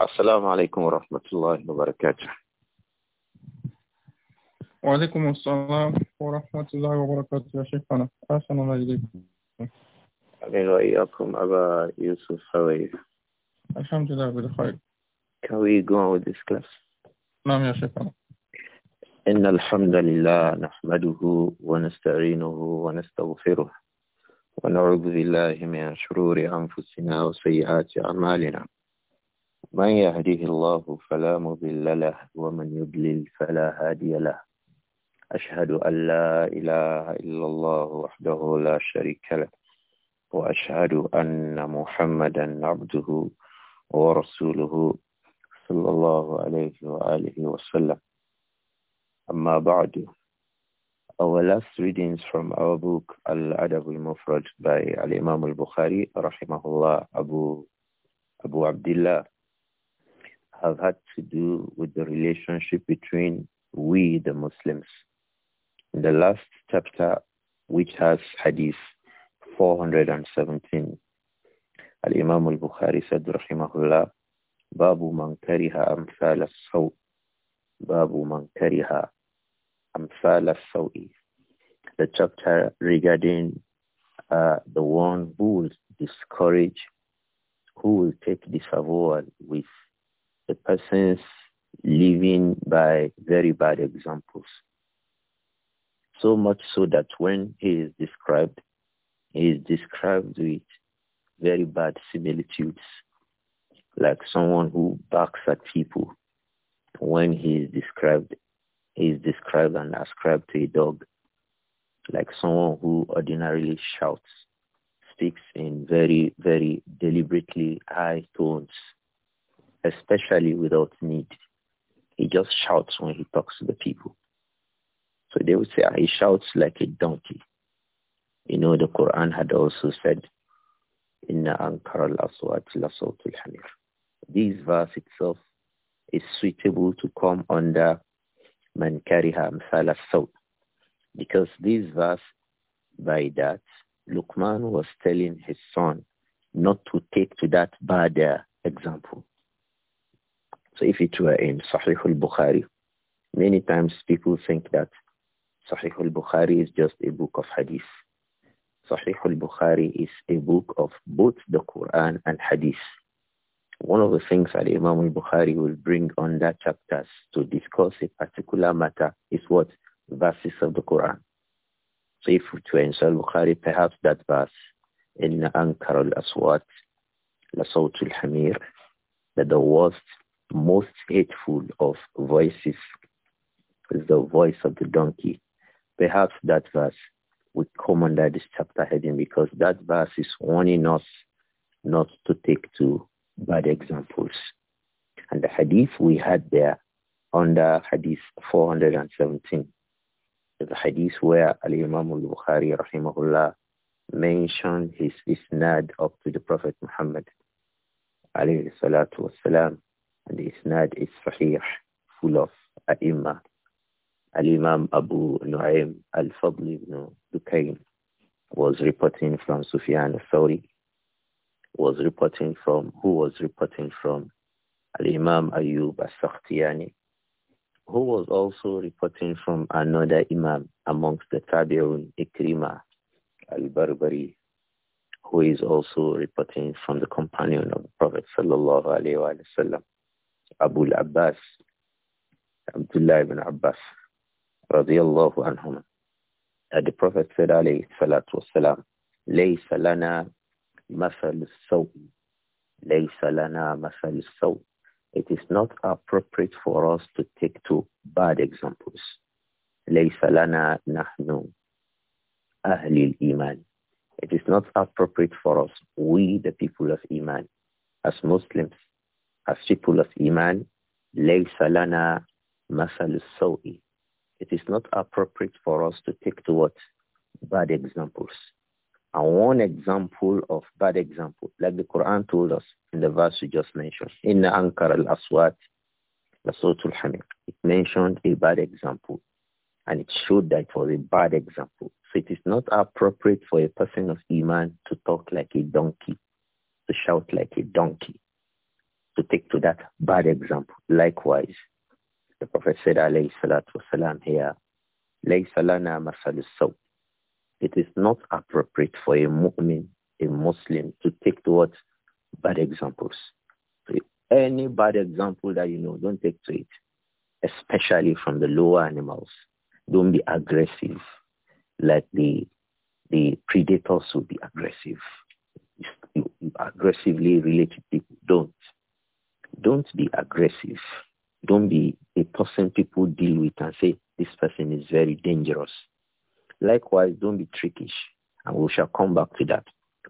السلام عليكم ورحمة الله وبركاته وعليكم السلام ورحمة الله وبركاته يا شيخنا أحسن الله إليكم أمين وإياكم أبا يوسف how الحمد لله بخير Can we go on with this class? نعم يا شيخنا إن الحمد لله نحمده ونستعينه ونستغفره ونعوذ بالله من شرور أنفسنا وسيئات أعمالنا من يهديه الله فلا مضل له ومن يضلل فلا هادي له أشهد أن لا إله إلا الله وحده لا شريك له وأشهد أن محمدا عبده ورسوله صلى الله عليه وآله وسلم أما بعد Our last readings from our book Al-Adab al-Mufrad by Al-Imam al-Bukhari rahimahullah Abu Abu Abdullah have had to do with the relationship between we, the Muslims. In the last chapter, which has hadith 417, Al-Imam al-Bukhari said, Rahimahullah, Babu man kariha saw Babu man kariha amthal sawi The chapter regarding uh, the one who will discourage, who will take disavowal with the person's living by very bad examples. So much so that when he is described, he is described with very bad similitudes, like someone who barks at people. When he is described, he is described and ascribed to a dog, like someone who ordinarily shouts, speaks in very, very deliberately high tones, especially without need. He just shouts when he talks to the people. So they would say, he shouts like a donkey. You know, the Quran had also said, Inna ankara laswat lasawtul hamir. This verse itself is suitable to come under man kariha amsal sawt because this verse by that Luqman was telling his son not to take to that bad uh, example. So if it were in Sahih al-Bukhari, many times people think that Sahih al-Bukhari is just a book of hadith. Sahih al-Bukhari is a book of both the Quran and hadith. One of the things that Imam al-Bukhari will bring on that chapters to discuss a particular matter is what? Verses of the Quran. So if it were in Sahih al-Bukhari, perhaps that verse, إِنَّ أَنْكَرَ الْأَصْوَاتِ لَصَوْتُ الْحَمِيرِ That the worst most hateful of voices is the voice of the donkey. Perhaps that verse would come under this chapter heading because that verse is warning us not to take to bad examples. And the hadith we had there under hadith 417, the hadith where Al-Imam al-Bukhari rahimahullah mentioned his isnad up to the Prophet Muhammad alayhi salatu wasalam and the isnad is sahih, full of ai Al-Imam Abu Nu'aym Al-Fadl ibn Dukayn was reporting from Sufyan al-Thawri, was reporting from, who was reporting from Al-Imam Ayub al-Sakhtiyani, who was also reporting from another Imam amongst the Tabi'un Ikrima al-Barbari, who is also reporting from the companion of the Prophet sallallahu alayhi wa sallam. Abu abbas Abdullah ibn Abbas, radiallahu anhum. Uh, the Prophet said, alayhi salatu wasalam, لَيْسَ لَنَا مَثَلُ السَّوْءِ لَيْسَ لَنَا مَثَلُ السَّوْءِ It is not appropriate for us to take to bad examples. لَيْسَ لَنَا نَحْنُ أَهْلِ الْإِيمَانِ It is not appropriate for us, we the people of Iman, as Muslims, as people of Iman, لَيْسَ لَنَا مَثَلُ It is not appropriate for us to take to what? Bad examples. And one example of bad example, like the Quran told us in the verse we just mentioned, in Ankara al-Aswat, Lasotul Hamid, it mentioned a bad example. And it showed that it was a bad example. So it is not appropriate for a person of Iman to talk like a donkey, to shout like a donkey to take to that bad example. Likewise, the Prophet said, alayhi salatu wasalam, here, It is not appropriate for a mu'min, a Muslim, to take to what? Bad examples. any bad example that you know, don't take to it, especially from the lower animals. Don't be aggressive like the the predators will be aggressive. You, you aggressively related people. Don't. Don't be aggressive. Don't be a person people deal with and say, this person is very dangerous. Likewise, don't be trickish. And we shall come back to that.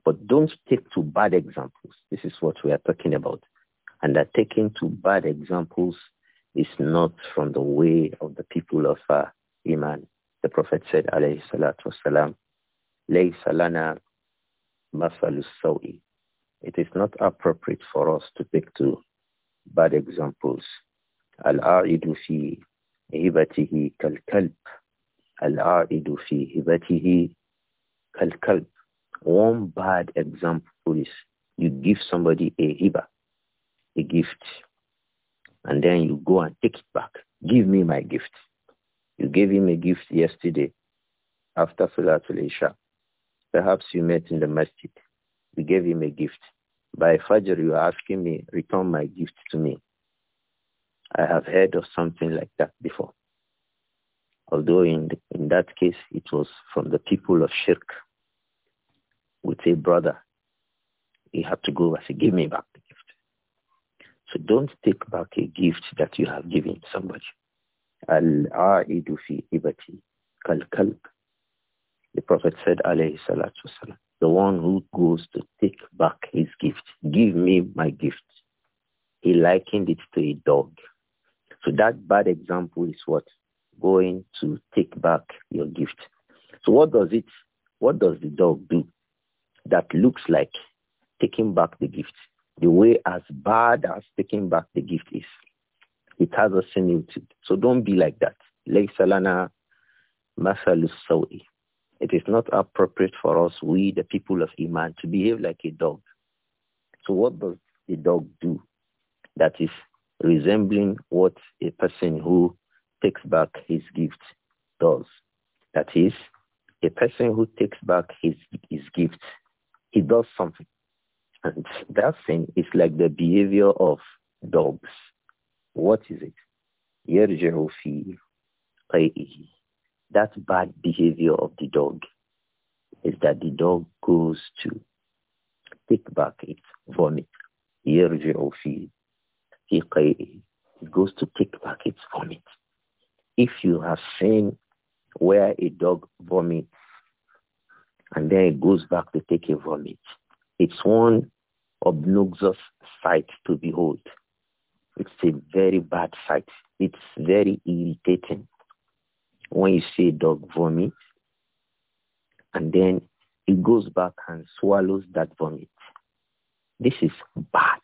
But don't take to bad examples. This is what we are talking about. And that taking to bad examples is not from the way of the people of uh, Iman. The Prophet said, alayhi salatu wasalam, laysa masalus sawi. It is not appropriate for us to take to bad examples. Al-a'idu fi hibatihi kal-kalb. Al-a'idu fi hibatihi kal-kalb. One bad example is you give somebody a hiba, a gift, and then you go and take it back. Give me my gift. You gave him a gift yesterday after Salatul Isha. Perhaps you met in the masjid. You gave him a gift. By Fajr, you are asking me, return my gift to me. I have heard of something like that before. Although in, the, in that case, it was from the people of Shirk with a brother. He had to go and say, give me back the gift. So don't take back a gift that you have given somebody. Al-a'idu fi ibati kal The Prophet said, alayhi salatu wasalam, the one who goes to take back his gift. Give me my gift. He likened it to a dog. So that bad example is what? Going to take back your gift. So what does it, what does the dog do that looks like taking back the gift? The way as bad as taking back the gift is. It has a similitude. So don't be like that. It is not appropriate for us, we, the people of Iman, to behave like a dog. So what does the dog do that is resembling what a person who takes back his gift does? That is, a person who takes back his, his gift, he does something. And that thing is like the behavior of dogs. What is it? يرجع في قيئه that bad behavior of the dog is that the dog goes to take back its vomit. يرجع في في It goes to take back its vomit. If you have seen where a dog vomits and then it goes back to take a vomit, it's one obnoxious sight to behold. It's a very bad sight. It's very irritating when you see a dog vomit, and then it goes back and swallows that vomit. This is bad.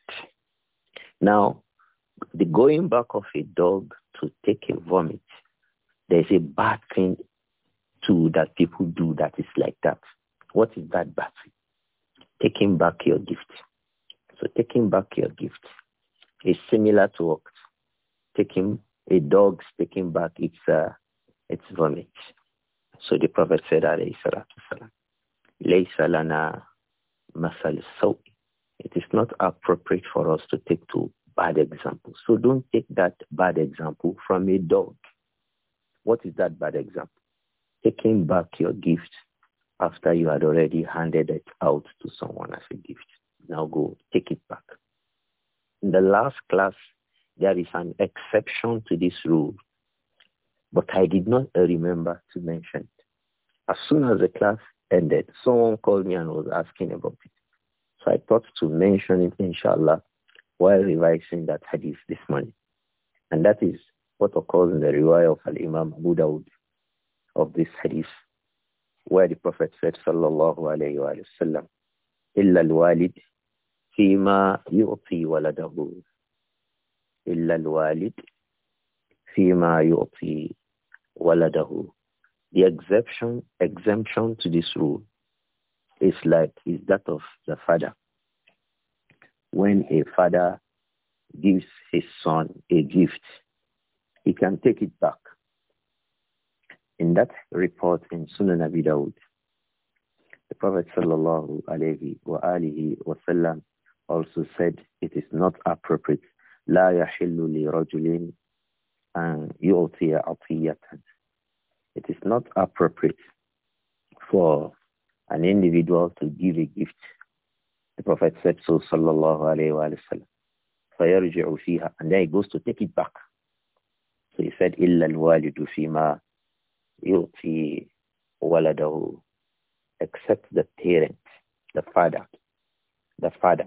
Now, the going back of a dog to take a vomit, there's a bad thing too that people do that is like that. What is that bad thing? Taking back your gift. So taking back your gift is similar to what? taking a dog's taking back its uh, it's vomit. So the Prophet said, salatu laysa lana masal It is not appropriate for us to take two bad examples. So don't take that bad example from a dog. What is that bad example? Taking back your gift after you had already handed it out to someone as a gift. Now go take it back. In the last class, there is an exception to this rule. But I did not remember to mention it. As soon as the class ended, someone called me and was asking about it. So I thought to mention it, inshallah, while revising that hadith this morning. And that is what occurs in the riwayah of Al-Imam Abu Dawud of this hadith, where the Prophet said, sallallahu alayhi wa sallam, al-Walid, fima مَا waladahu, Illa al-Walid." فيما يعطي Waladahu. the exemption exemption to this rule is like is that of the father when a father gives his son a gift he can take it back in that report in Sunan Abi Dawud the Prophet sallallahu alaihi wasallam also said it is not appropriate لا يحل لرجل أن يعطي عطية It is not appropriate for an individual to give a gift. The Prophet said so, sallallahu alayhi wa sallam. فَيَرْجِعُ فِيهَا And then he goes to take it back. So he said, إِلَّا الْوَالِدُ فِي مَا يُعْطِي وَلَدَهُ Except the parent, the father, the father.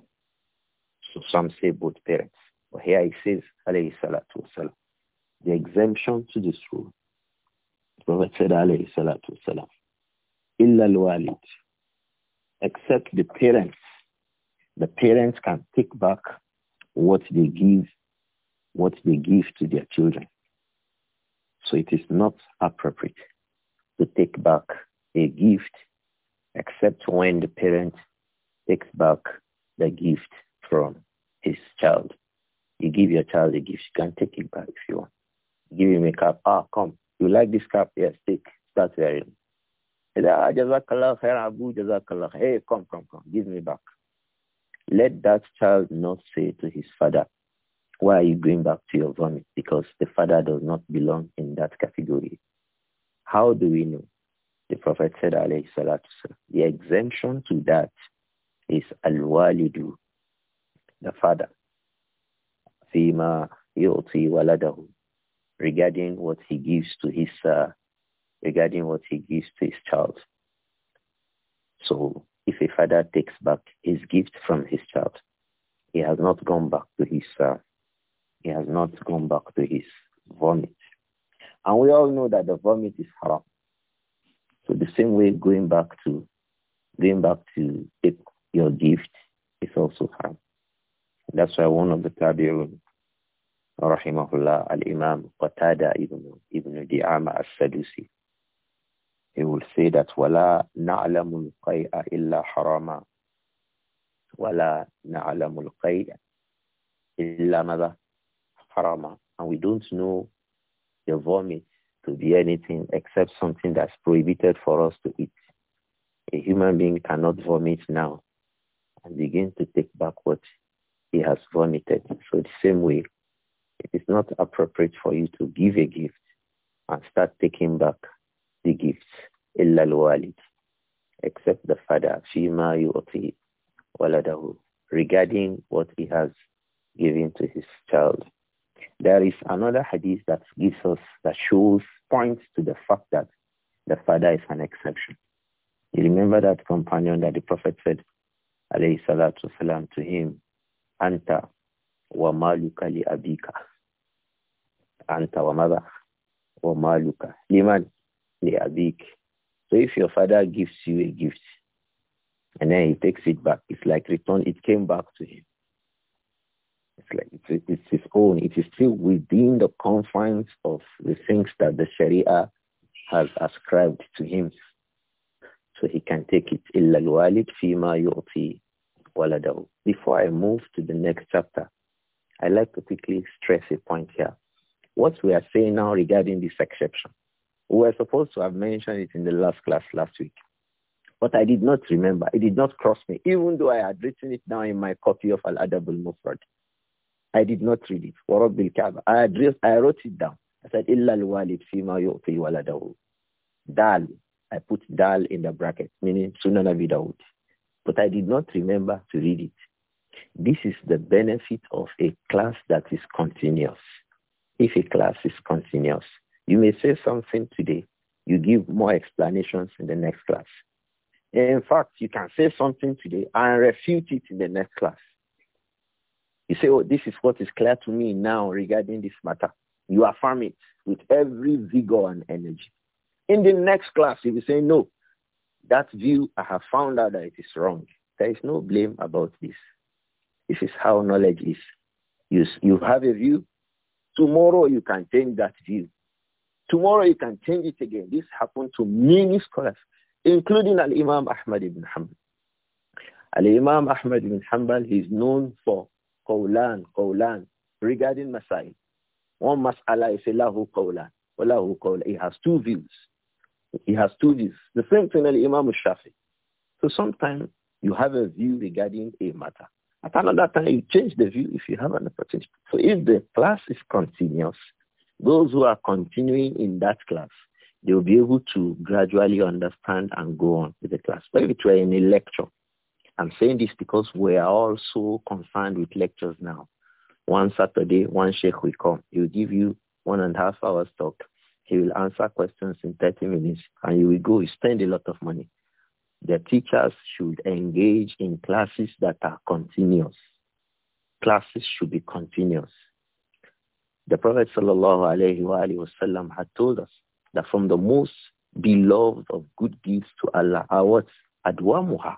So some say both parents. But here he says, alayhi salatu wasalam, the exemption to this rule. The Prophet said, alayhi salatu salam. illa al-walid, except the parents. The parents can take back what they give, what they give to their children. So it is not appropriate to take back a gift except when the parent takes back the gift from his child. You give your child a gift, you can take it back if you want. Give him a cap. Ah, come. You like this cap? Yes, take. Start wearing. Ah, Jazakallah Abu, Jazakallah. Hey, come, come, come. Give me back. Let that child not say to his father, why are you going back to your vomit? Because the father does not belong in that category. How do we know? The Prophet said, alayhi salatu the exemption to that is al-walidu, the father. Fima yu'ti waladahu regarding what he gives to his uh, regarding what he gives to his child. So if a father takes back his gift from his child, he has not gone back to his uh, he has not gone back to his vomit. And we all know that the vomit is haram. So the same way going back to going back to take your gift is also haram. That's why one of the Tabi'un rahimahullah, al-Imam Qatada ibn, ibn Di'ama al-Sadusi. He will say that, وَلَا نَعْلَمُ الْقَيْءَ إِلَّا حَرَامًا وَلَا نَعْلَمُ الْقَيْءَ إِلَّا مَذَا حَرَامًا And we don't know the vomit to be anything except something that's prohibited for us to eat. A human being cannot vomit now and begin to take back what he has vomited. So the same way, it is not appropriate for you to give a gift and start taking back the gifts. except the father فيما يعطي waladahu regarding what he has given to his child. There is another hadith that gives us, that shows, points to the fact that the father is an exception. You remember that companion that the Prophet said, alayhi salatu salam to him, Anta wa maluka li abika anta wa mada wa maluka liman abik. So if your father gives you a gift and then he takes it back, it's like return. It came back to him. It's like it's, it's his own. It is still within the confines of the things that the Sharia has ascribed to him. So he can take it. إِلَّا الْوَالِدْ فِيمَا يُعْطِي ولده. Before I move to the next chapter, I like to quickly stress a point here what we are saying now regarding this exception. We were supposed to have mentioned it in the last class last week, but I did not remember. It did not cross me, even though I had written it down in my copy of Al-Adab al-Mufrad. I did not read it. I, addressed, I wrote it down. I said, Illa al-walid fima yu'ti waladahu. Dal. I put dal in the bracket, meaning Sunan Abi Dawud. But I did not remember to read it. This is the benefit of a class that is continuous if a class is continuous. You may say something today. You give more explanations in the next class. In fact, you can say something today and refute it in the next class. You say, oh, this is what is clear to me now regarding this matter. You affirm it with every vigor and energy. In the next class, if you say, no, that view, I have found out that it is wrong. There is no blame about this. This is how knowledge is. You, you have a view, Tomorrow you can change that view. Tomorrow you can change it again. This happened to many scholars, including Al-Imam Ahmad ibn Hanbal. Al-Imam Ahmad ibn Hanbal is known for Qawlan, Qawlan, regarding Masai. One Mas'ala is Lahu Qawlan, Lahu Qawlan. He has two views. He has two views. The same thing Al-Imam Shafi. So sometimes you have a view regarding a matter. At another time, you change the view if you have an opportunity. So if the class is continuous, those who are continuing in that class, they will be able to gradually understand and go on with the class. But if you were in a lecture, I'm saying this because we are all so concerned with lectures now. One Saturday, one sheikh will come. He will give you one and a half hours talk. He will answer questions in 30 minutes and you will go. You spend a lot of money. The teachers should engage in classes that are continuous. Classes should be continuous. The Prophet wasallam had told us that from the most beloved of good deeds to Allah are what? Adwamuha.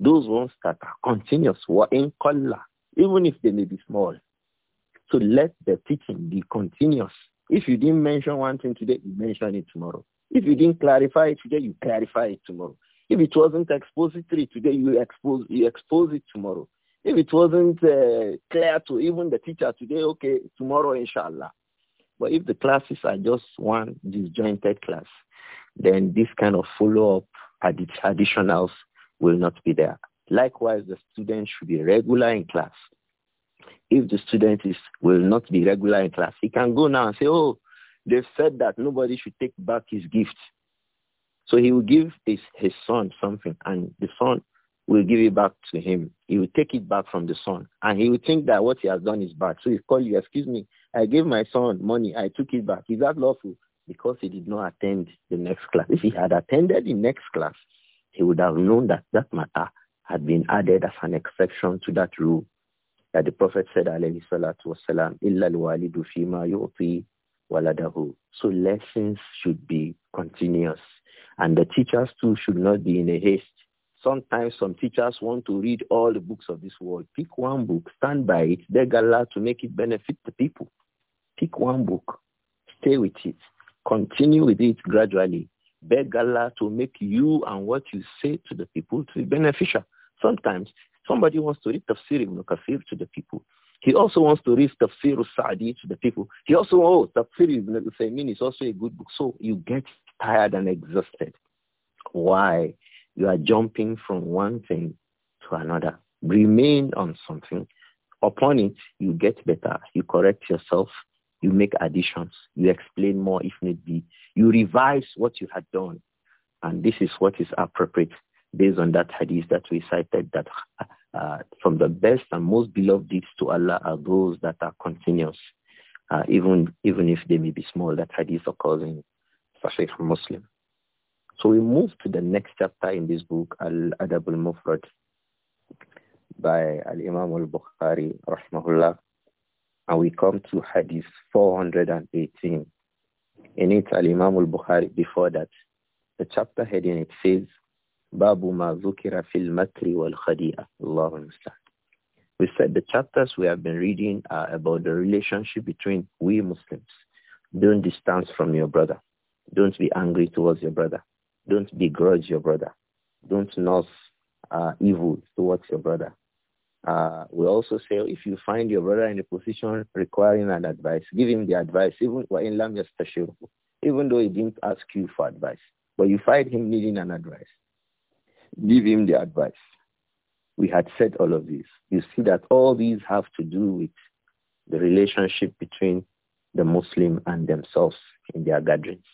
Those ones that are continuous, were in even if they may be small. So let the teaching be continuous. If you didn't mention one thing today, you mention it tomorrow. If you didn't clarify it today, you clarify it tomorrow. If it wasn't expository today, you expose you expose it tomorrow. If it wasn't uh, clear to even the teacher today, okay, tomorrow inshallah. But if the classes are just one disjointed class, then this kind of follow-up add additionals will not be there. Likewise, the student should be regular in class. If the student is will not be regular in class, he can go now and say, oh, they've said that nobody should take back his gift. So he will give his, his son something and the son will give it back to him. He will take it back from the son and he will think that what he has done is bad. So he'll call you, excuse me, I gave my son money, I took it back. Is that lawful? Because he did not attend the next class. If he had attended the next class, he would have known that that matter had been added as an exception to that rule that the Prophet said, alayhi salatu wasalam, waladahu. So lessons should be continuous. And the teachers too should not be in a haste. Sometimes some teachers want to read all the books of this world. Pick one book, stand by it, beg Allah to make it benefit the people. Pick one book, stay with it, continue with it gradually. Beg Allah to make you and what you say to the people to be beneficial. Sometimes somebody wants to read Tafsir ibn Kafir to the people. He also wants to read Tafsir al-Sa'di to the people. He also, oh, Tafsir ibn al-Thaymin is also a good book. So you get tired and exhausted. Why? You are jumping from one thing to another. Remain on something. Upon it, you get better. You correct yourself. You make additions. You explain more if need be. You revise what you had done. And this is what is appropriate based on that hadith that we cited that uh, from the best and most beloved deeds to Allah are those that are continuous, uh, even even if they may be small. That hadith occurs in Sahih Muslim. So we move to the next chapter in this book, Al-Adab al-Mufrad, by Al-Imam al-Bukhari, rahmahullah. And we come to Hadith 418. In it, Al-Imam al-Bukhari, before that, the chapter heading, it says, we said the chapters we have been reading are about the relationship between we Muslims. Don't distance from your brother. Don't be angry towards your brother. Don't begrudge your brother. Don't nurse uh, evil towards your brother. Uh, we also say if you find your brother in a position requiring an advice, give him the advice, even even though he didn't ask you for advice. But you find him needing an advice, Give him the advice. We had said all of this. You see that all these have to do with the relationship between the Muslim and themselves in their gatherings.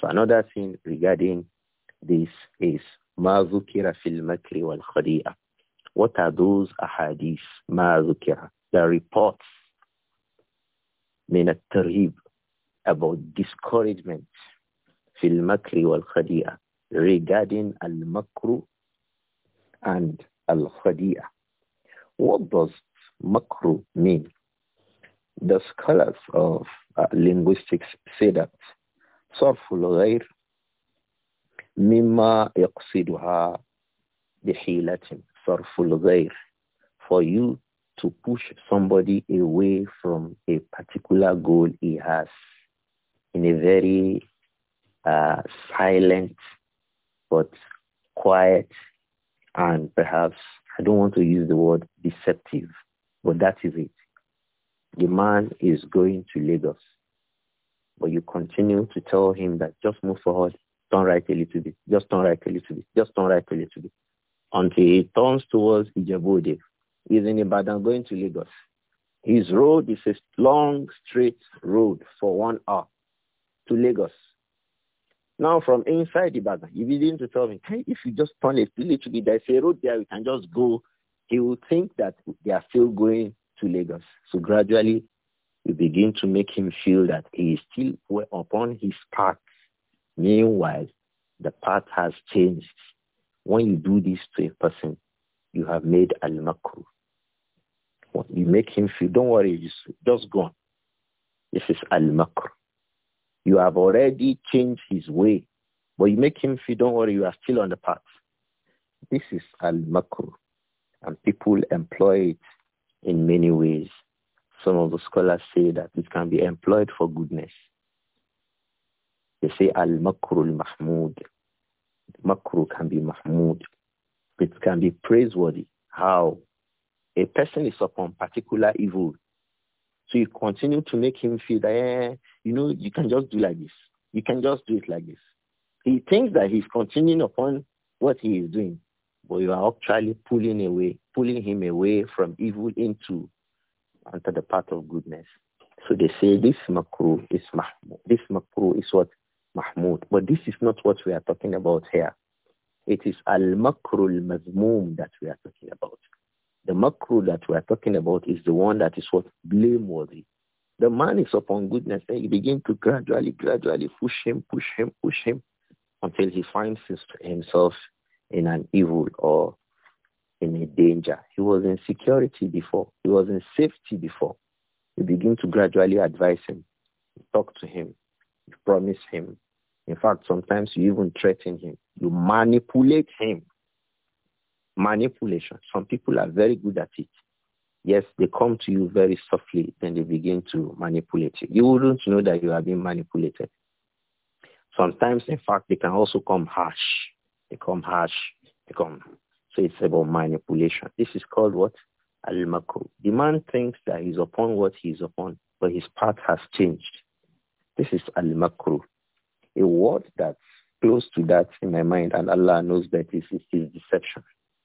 So another thing regarding this is ما ذكر في المكر والخديعة. What are those ahadith? ما ذكر. The reports من الترهيب about discouragement في المكر والخديعة regarding al-makru and al-khadi'ah. What does makru mean? The scholars of uh, linguistics say that صرف الغير مما يقصدها بحيلة صرف الغير for you to push somebody away from a particular goal he has in a very uh, silent but quiet and perhaps, I don't want to use the word deceptive, but that is it. The man is going to Lagos, but you continue to tell him that just move forward, turn right a little bit, just turn right a little bit, just turn right a little bit, until he turns towards Ijebuode. He's in Ibadan going to Lagos. His road is a long, straight road for one hour to Lagos. Now from inside the Ibadan, he begin to tell me, hey, if you just turn a little bit, there's a road there, we can just go. He will think that they are still going to Lagos. So gradually, we begin to make him feel that he is still upon his path. Meanwhile, the path has changed. When you do this to a person, you have made al-makru. You make him feel, don't worry, just, just go on. This is al-makru. You have already changed his way. But you make him feel, don't worry, you are still on the path. This is al-makr. And people employ it in many ways. Some of the scholars say that it can be employed for goodness. They say al-makru al-mahmud. Makru can be mahmud. It can be praiseworthy. How? A person is upon particular evil so you continue to make him feel that, eh, you know, you can just do like this. You can just do it like this. He thinks that he's continuing upon what he is doing, but you are actually pulling away, pulling him away from evil into onto the path of goodness. So they say this makruh is mahmud. This makruh is what mahmud. But this is not what we are talking about here. It is al-makrul mazmum that we are talking about. The macro that we are talking about is the one that is what blameworthy. The man is upon goodness, and you begin to gradually, gradually push him, push him, push him, until he finds himself in an evil or in a danger. He was in security before. He was in safety before. You begin to gradually advise him, talk to him, promise him. In fact, sometimes you even threaten him. You manipulate him Manipulation. Some people are very good at it. Yes, they come to you very softly, then they begin to manipulate you. You wouldn't know that you are being manipulated. Sometimes, in fact, they can also come harsh. They come harsh. They come. So it's about manipulation. This is called what? Al-Makru. The man thinks that he's upon what he's upon, but his path has changed. This is Al-Makru. A word that's close to that in my mind, and Allah knows this is deception.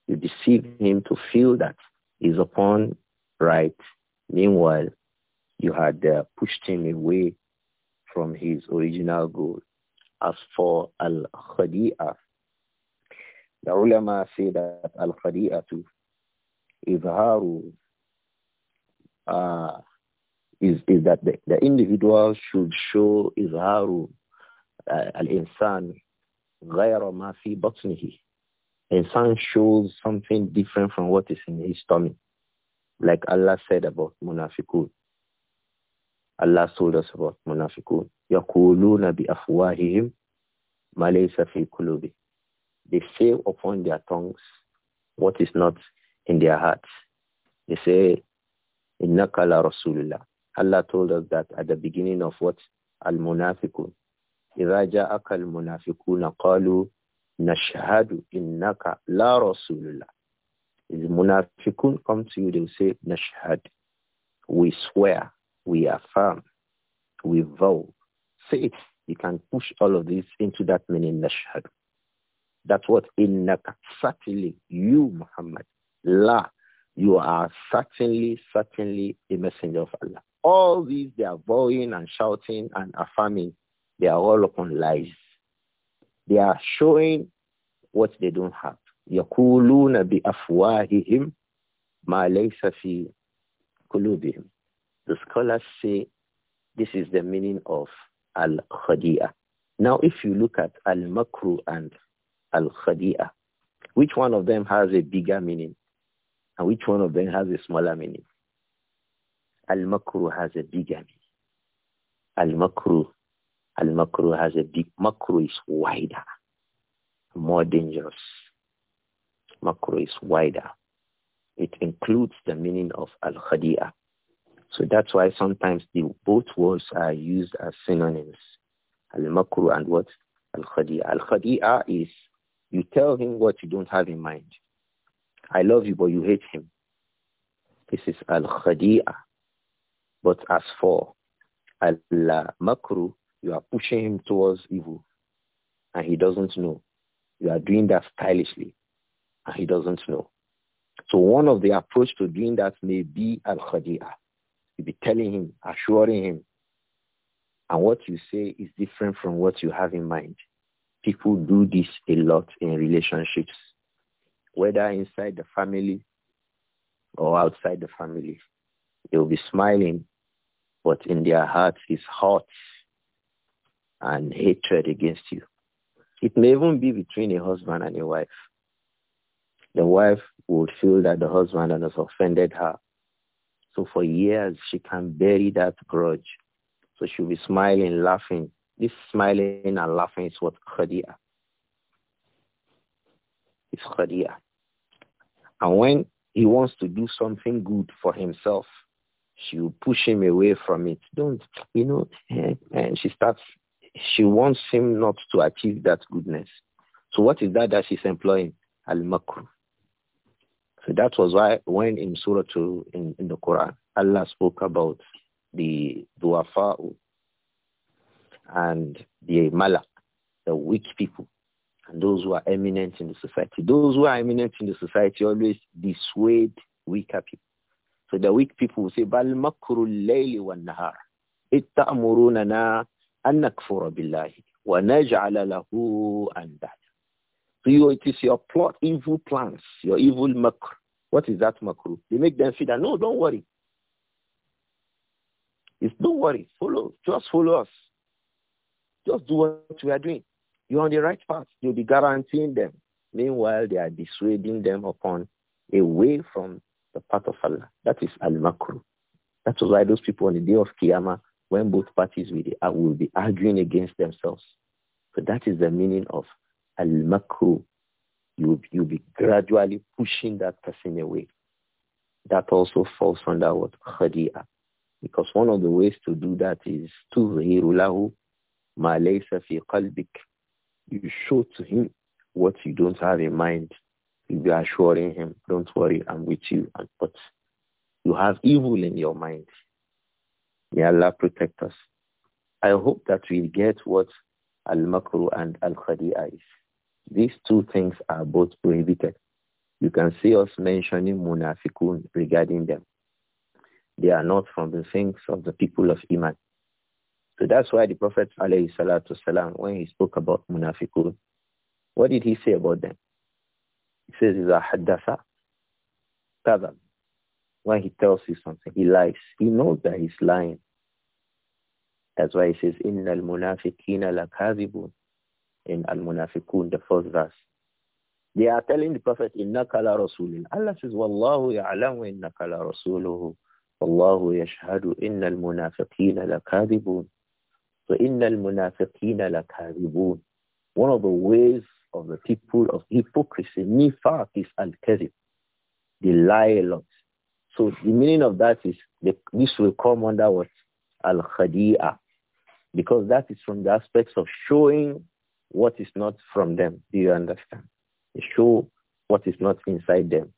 You deceive him to feel that he's upon right. Meanwhile, you had uh, pushed him away from his original goal. As for al-khadi'ah, the ulama say that al-khadi'atu izharu uh, is, is that the, the individual should show izharu uh, al-insan غير ما في بطنه and some shows something different from what is in his tummy. Like Allah said about munafiqun. Allah told us about munafiqun. يَقُولُونَ بِأَفْوَاهِهِمْ مَا فِي They say upon their tongues what is not in their hearts. They say, إِنَّكَ لَرَسُولُ Allah told us that at the beginning of what? Al-Munafiqun. إِذَا جَاءَكَ الْمُنَافِقُونَ قَالُوا Nashhadu innaka la Rasulullah. If the munafiqun come to you, they will say, Nashhad. We swear, we affirm, we vow. Say it. You can push all of this into that meaning, Nashhad. That's what innaka, certainly, you, Muhammad, la, you are certainly, certainly a messenger of Allah. All these, they are vowing and shouting and affirming. They are all upon lies. They are showing what they don't have. يَقُولُونَ بِأَفْوَاهِهِمْ مَا لَيْسَ فِي قُلُوبِهِمْ The scholars say this is the meaning of al-khadi'ah. Now, if you look at al-makru and al-khadi'ah, which one of them has a bigger meaning and which one of them has a smaller meaning? Al-makru has a bigger meaning. Al-makru Al-makru has a big, makru is wider, more dangerous. Makru is wider. It includes the meaning of al-khadi'ah. So that's why sometimes the both words are used as synonyms. Al-makru and what? Al-khadi'ah. Al-khadi'ah is you tell him what you don't have in mind. I love you, but you hate him. This is al-khadi'ah. But as for al-makru, you are pushing him towards evil and he doesn't know. You are doing that stylishly and he doesn't know. So one of the approach to doing that may be al-khadi'ah. You be telling him, assuring him. And what you say is different from what you have in mind. People do this a lot in relationships, whether inside the family or outside the family. They'll be smiling, but in their hearts is hot and hatred against you. It may even be between a husband and a wife. The wife would feel that the husband has offended her. So for years, she can bury that grudge. So she'll be smiling, laughing. This smiling and laughing is what Khadiyah. It's Khadiyah. And when he wants to do something good for himself, she will push him away from it. Don't, you know, eh, eh, and she starts she wants him not to achieve that goodness. So what is that that she's employing? Al-makru. So that was why when in Surah 2 in, in the Quran, Allah spoke about the duafa'u and the malak, the weak people, and those who are eminent in the society. Those who are eminent in the society always dissuade weaker people. So the weak people will say, بَلْ مَكْرُ اللَّيْلِ وَالنَّهَارِ إِتَّأْمُرُونَنَا أن نكفر بالله ونجعل له أندادا So you, it is your plot, evil plans, your evil makr. What is that makru? They make them feel that, no, don't worry. It's don't worry, follow, just follow us. Just do what we are doing. You're on the right path. You'll be guaranteeing them. Meanwhile, they are dissuading them upon away from the path of Allah. That is al-makru. That's why those people on the day of Qiyamah when both parties will, uh, will be arguing against themselves. So that is the meaning of al-makru. You, will be gradually pushing that person away. That also falls under what khadi'ah. Because one of the ways to do that is to lahu ma laysa fi qalbik. You show to him what you don't have in mind. You'll be assuring him, don't worry, I'm with you. But you have evil in your mind. May Allah protect us. I hope that we get what al-makru and al-khadi'a is. These two things are both prohibited. You can see us mentioning munafikun regarding them. They are not from the things of the people of Iman. So that's why the Prophet والسلام, when he spoke about munafikun, what did he say about them? He says, إِذَا حَدَّثَ كَذَبَ when he tells you something, he lies. He knows that he's lying. That's why he says, "In al munafiqina lakazibun." In al munafiqun, the first verse, they are telling the Prophet, "Inna kala rasulin." Allah says, "Wallahu ya'lamu inna kala rasuluhu." Wallahu yashhadu inna al munafiqina lakazibun. So inna al munafiqina lakazibun. One of the ways of the people of hypocrisy, nifaq, is al-kazib. They lie a lot. So the meaning of that is the, this will come under what? Al-Khadi'ah. Because that is from the aspects of showing what is not from them. Do you understand? They show what is not inside them.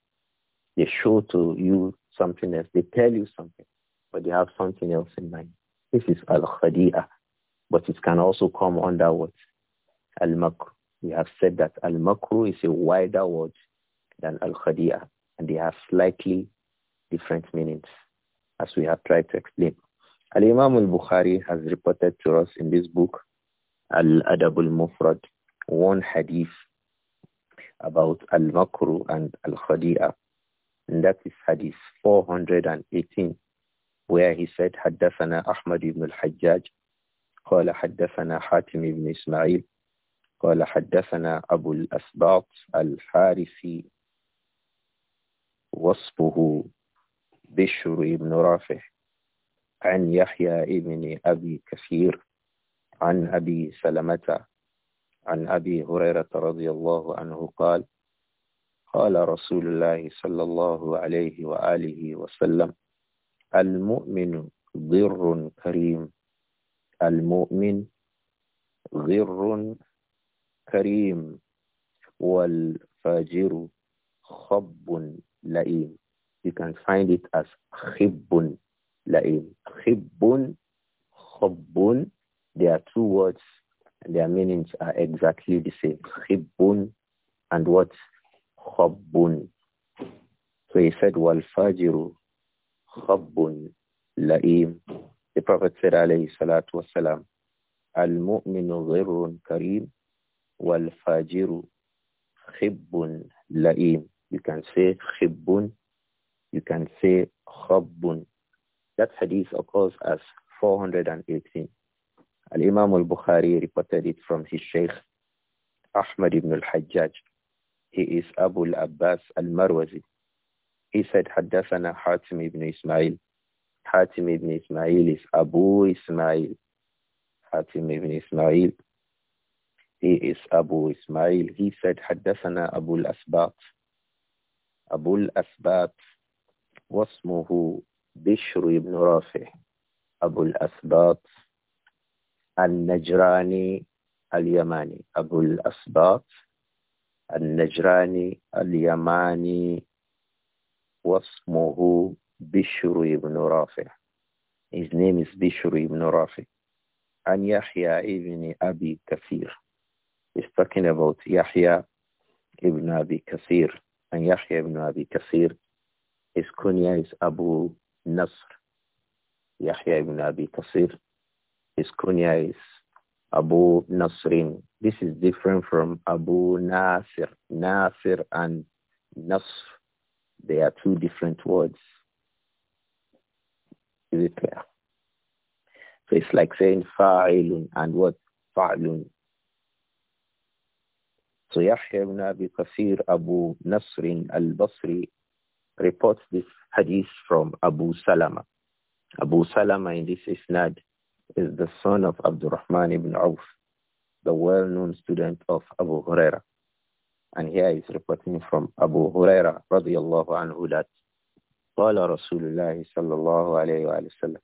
They show to you something else. They tell you something, but they have something else in mind. This is al-khadi'ah. But it can also come under what? al makru. We have said that al-makru is a wider word than al-khadi'ah. And they are slightly different meanings, as we have tried to explain. Al-Imam al-Bukhari has reported to us in this book, Al-Adab al-Mufrad, one hadith about al-Makru and al-Khadi'a. And that is hadith 418, where he said, Al Hajjaj, Qala الحجاج Hatim Ibn Ismail, Qala إسماعيل Abu Al Asbat Al Harisi, وصفه بشر بن رافع عن يحيى ابن أبي كثير عن أبي سلمة عن أبي هريرة رضي الله عنه قال قال رسول الله صلى الله عليه وآله وسلم المؤمن ضر كريم المؤمن ضر كريم والفاجر خب لئيم you can find it as khibbun la'im. Khibbun, khubbun, they are two words and their meanings are exactly the same. Khibbun and what? Khubbun. So he said, wal fajiru khubbun la'im. The Prophet said, alayhi salatu wasalam, al-mu'minu ghirrun kareem wal fajiru khibbun la'im. You can say khibbun you can say khabbun. That hadith occurs as 418. Al-Imam al-Bukhari reported it from his sheikh Ahmad ibn al-Hajjaj. He is Abu al-Abbas al-Marwazi. He said, حدثنا حاتم ibn Ismail. Hatim ibn Ismail is Abu Ismail. Hatim ibn Ismail. He is Abu Ismail. He said, حدثنا asbat Abu al-Asbat.'" واسمه بشر بن رافع أبو الأسباط النجراني اليماني أبو الأسباط النجراني اليماني واسمه بشر بن رافع His name is بشر بن رافع عن يحيى ابن أبي كثير He's talking about يحيى ابن أبي كثير عن يحيى ابن أبي كثير His kunya is Abu Nasr, Yahya ibn Abi Qasir. His kunya is Abu Nasrin. This is different from Abu Nasir. Nasir and Nasr, they are two different words. Is it clear? So it's like saying fa'ilun and what? Fa'ilun. So Yahya ibn Abi Qasir Abu Nasrin al-Basri reports this hadith from Abu Salama. Abu Salama in this isnad is the son of Abdurrahman ibn Auf, the well-known student of Abu Huraira. And here he is reporting from Abu Huraira radiallahu anhu that قال Rasulullah الله صلى الله عليه وآله وسلم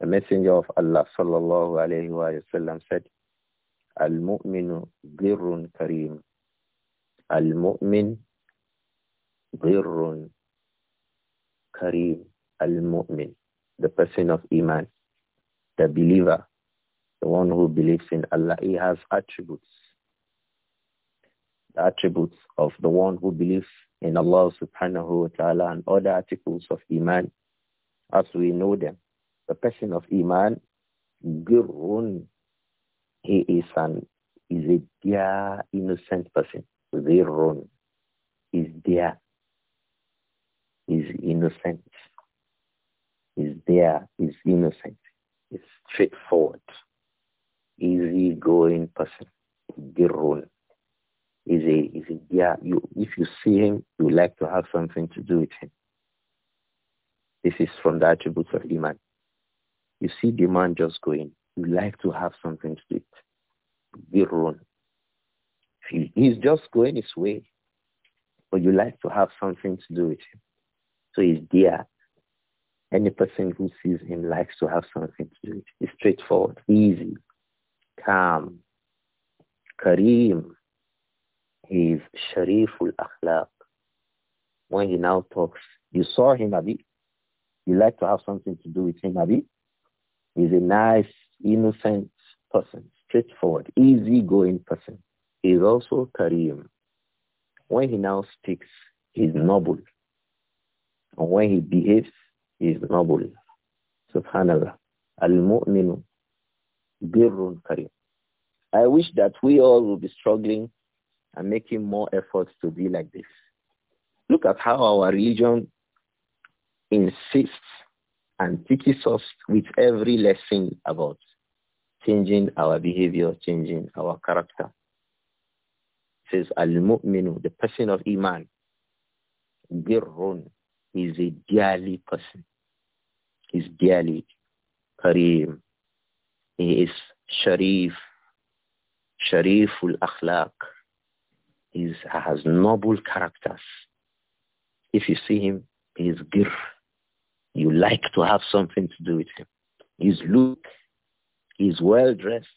The messenger of Allah صلى الله عليه وآله وسلم said المؤمن kareem, al-mu'min ذر Kareem al-Mu'min, the person of Iman, the believer, the one who believes in Allah. He has attributes, the attributes of the one who believes in Allah subhanahu wa ta'ala and other articles of Iman as we know them. The person of Iman, Girun, he is an is a dear innocent person. Girun is dear is innocent. Is there is innocent. Is straightforward. Easy going person. Birun. Is a is a yeah, you if you see him, you like to have something to do with him. This is from the attributes of Iman. You see the man just going, you like to have something to do with. Birun. He, he's just going his way, but you like to have something to do with him. So he's there. Any person who sees him likes to have something to do. It's straightforward, easy, calm, Kareem. He's Sharif Shariful Akhlaq. When he now talks, you saw him, Abi. You like to have something to do with him, Abi. He's a nice, innocent person, straightforward, easy-going person. He's also Kareem. When he now speaks, he's noble. And when he behaves, he is noble. Subhanallah. Al-mu'minu birrun karim. I wish that we all will be struggling and making more efforts to be like this. Look at how our religion insists and teaches us with every lesson about changing our behavior, changing our character. It says Al-Mu'minu, the person of Iman, Birrun, He's a dearly person. He's dearly Kareem. He is Sharif. Shariful Akhlaq. He has noble characters. If you see him, he is gir. You like to have something to do with him. His look, he's well dressed.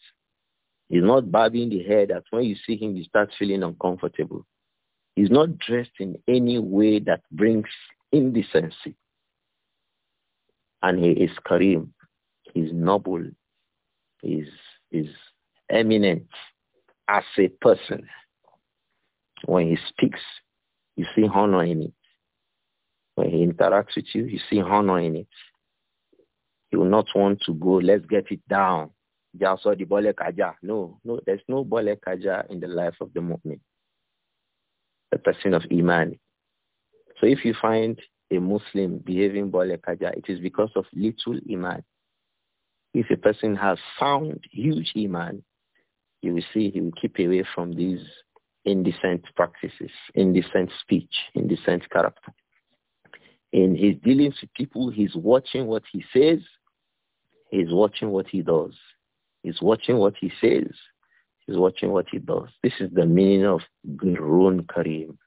He's not bobbing the head that when you see him, you start feeling uncomfortable. He's not dressed in any way that brings indecency. And he is Karim. He's noble. He's, he's eminent as a person. When he speaks, you see honor in it. When he interacts with you, you see honor in it. He will not want to go, let's get it down. Jaso the bole kaja. No, no, there's no bole kaja in the life of the movement. The person of Iman so if you find a Muslim behaving bolekaja, it is because of little iman. If a person has found huge iman, you will see he will keep away from these indecent practices, indecent speech, indecent character. In his dealings with people, he's watching what he says, he's watching what he does, he's watching what he says, he's watching what he does. This is the meaning of Gurun Kareem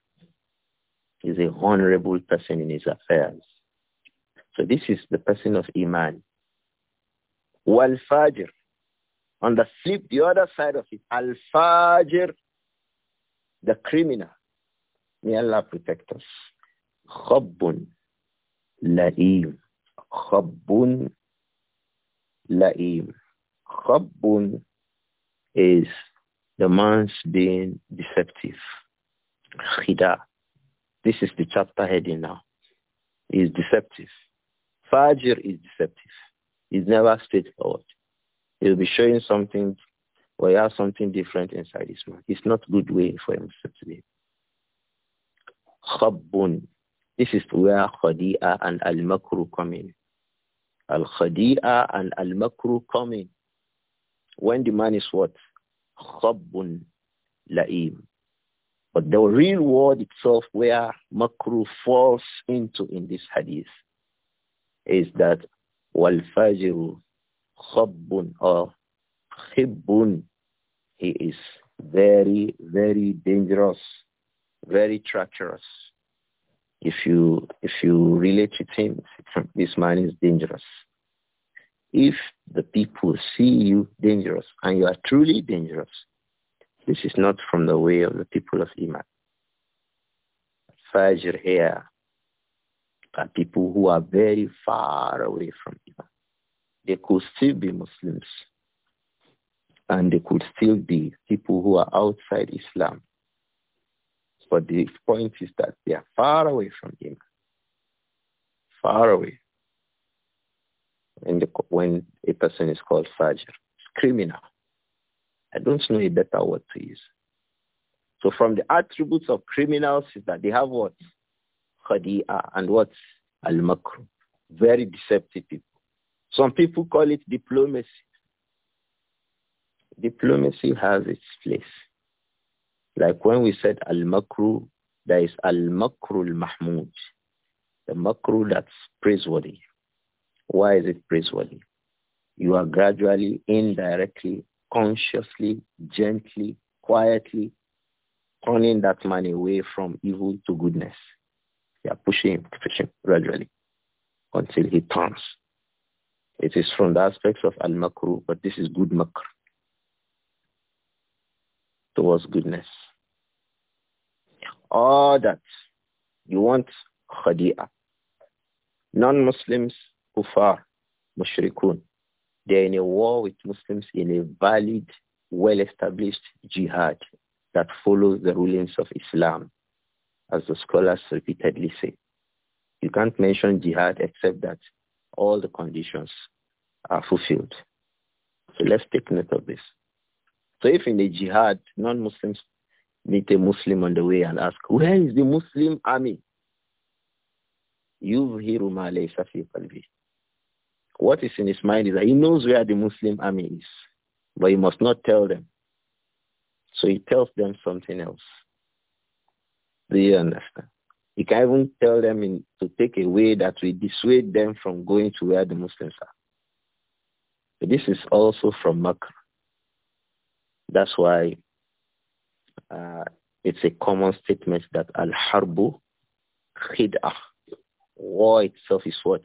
is a honorable person in his affairs. So this is the person of Iman. Wal Fajr. On the flip, the other side of it, Al Fajr, the criminal. May Allah protect us. Khabbun La'im. Khabbun La'im. Khabbun is the man's being deceptive. Khida. This is the chapter heading now. Is deceptive. Fajr is deceptive. It's never straightforward. He'll be showing something or he has something different inside his mouth. It's not good way for him to be. Khabbun. This is where Khadi'a and Al-Makru come in. Al-Khadi'a and Al-Makru come in. When the man is what? Khabbun la'im. But the real world itself where makruh falls into in this hadith is that wal-fajiru khabbun or khibbun. He is very, very dangerous, very treacherous. If you, if you relate with him, this man is dangerous. If the people see you dangerous and you are truly dangerous, this is not from the way of the people of Iman. Fajr here are people who are very far away from Iman. They could still be Muslims. And they could still be people who are outside Islam. But the point is that they are far away from Iman. Far away. And when a person is called Fajr, it's criminal I don't know a better word to use. So from the attributes of criminals is that they have what? Khadi'a and what? Al-Makru. Very deceptive people. Some people call it diplomacy. Diplomacy has its place. Like when we said Al-Makru, there is Al-Makru al-Mahmud. The Makru that's praiseworthy. Why is it praiseworthy? You are gradually, indirectly consciously, gently, quietly pulling that man away from evil to goodness. You are pushing him, pushing gradually until he turns. It is from the aspects of al-makru, but this is good makr towards goodness. All that you want khadi'ah. Non-Muslims, kufar, mushrikun. They're in a war with Muslims in a valid, well-established jihad that follows the rulings of Islam, as the scholars repeatedly say. You can't mention jihad except that all the conditions are fulfilled. So let's take note of this. So if in a jihad, non-Muslims meet a Muslim on the way and ask, where is the Muslim army? Yuzhiru ma laysa fi qalbi what is in his mind is that he knows where the Muslim army is, but he must not tell them. So he tells them something else. Do you understand? He can even tell them in, to take a way that will dissuade them from going to where the Muslims are. But this is also from Makr. That's why uh, it's a common statement that al-harbu khid'ah. War itself is what?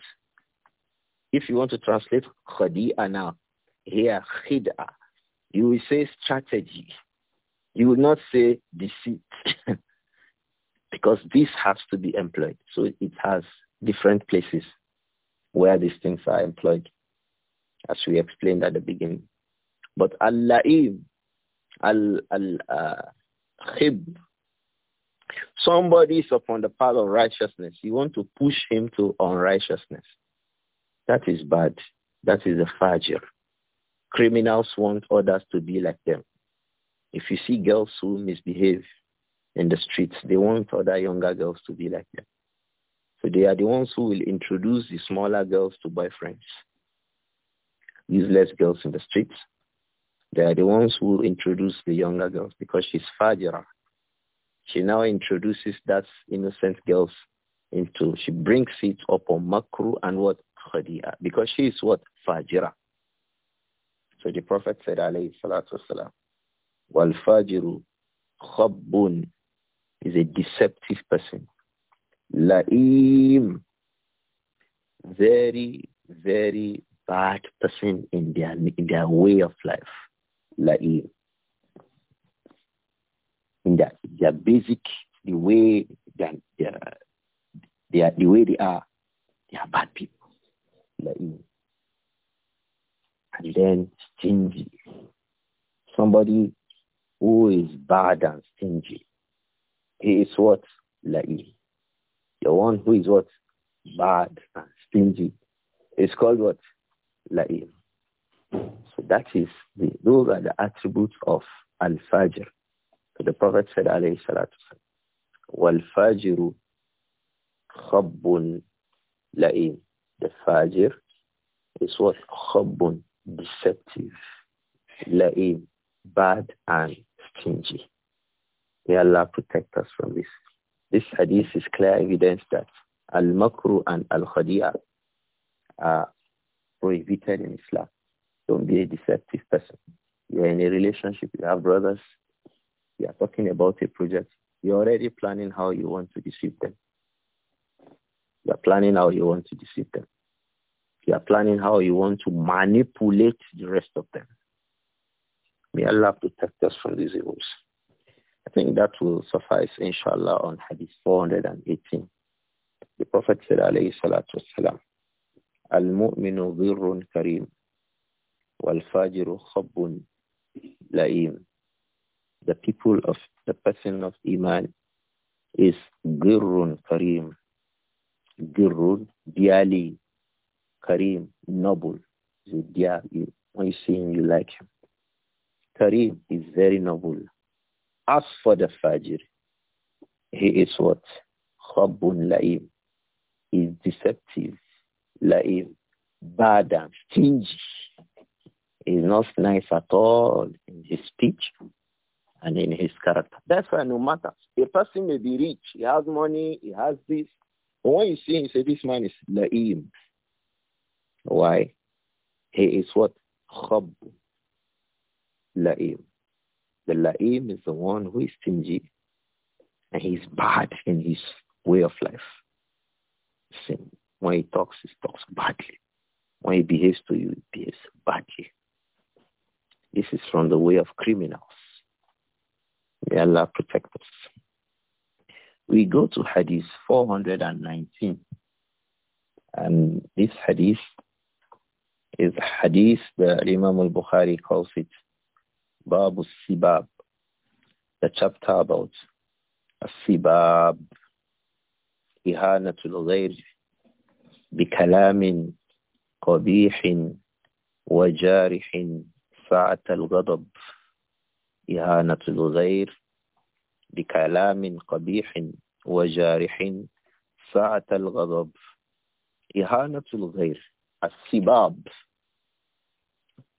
If you want to translate khadi'a now, here khid'a, you will say strategy. You will not say deceit because this has to be employed. So it has different places where these things are employed as we explained at the beginning. But al-la'im, al-khib, uh, somebody is upon the path of righteousness. You want to push him to unrighteousness. That is bad. That is a fajr. Criminals want others to be like them. If you see girls who misbehave in the streets, they want other younger girls to be like them. So they are the ones who will introduce the smaller girls to boyfriends. Useless girls in the streets. They are the ones who introduce the younger girls because she's fajra. She now introduces that innocent girls into, she brings it up on makru and what? khadi'a because she is what? Fajira. So the Prophet said, alayhi salatu wasalam, wal fajiru khabbun is a deceptive person. La'im, very, very bad person in their, in their way of life. La'im. In their, their basic, the way, their, they their, the way they are, they are bad people. And then stingy. Somebody who is bad and stingy. He is what? La'im. The one who is what? Bad and stingy. it's called what? La'im. So that is the, those are the attributes of Al-Fajr. So the Prophet said, alayhi salatu wal-fajiru la'im. The fajir is what? Khabbun, deceptive. La'im, bad and stingy. May Allah protect us from this. This hadith is clear evidence that al-makru and al-khadi'a are prohibited in Islam. Don't be a deceptive person. You're in a relationship, you have brothers, you are talking about a project, you're already planning how you want to deceive them. You are planning how you want to deceive them. You are planning how you want to manipulate the rest of them. May Allah protect us from these evils. I think that will suffice, inshallah, on Hadith 418. The Prophet said, alayhi salatu wasalam, Al-mu'minu dhirrun kareem, wal-fajiru khabbun la'im. The people of, the person of Iman is dhirrun kareem, Durrun, Diali, Karim, noble. So dear, you, when you see him, you like him. Karim is very noble. As for the Fajr, he is what? Khabun Laim. He's is deceptive. Laim. Bad and stingy. He is not nice at all in his speech and in his character. That's why no matter. A person may be rich. He has money. He has this. But you see you say, this man is la'im. Why? He is what? Khab. La'im. The la'im is the one who is stingy and he's bad in his way of life. Sin. When he talks, he talks badly. When he behaves to you, he behaves badly. This is from the way of criminals. May Allah protect us. We go to Hadith 419. And this Hadith is Hadith that Imam al-Bukhari calls it Babu Sibab, the chapter about Sibab, Ihanatul Ghayr, بكلام قبيح وجارح ساعة الغضب إهانة الغير بكلام قبيح وجارح ساعة الغضب إهانة الغير السباب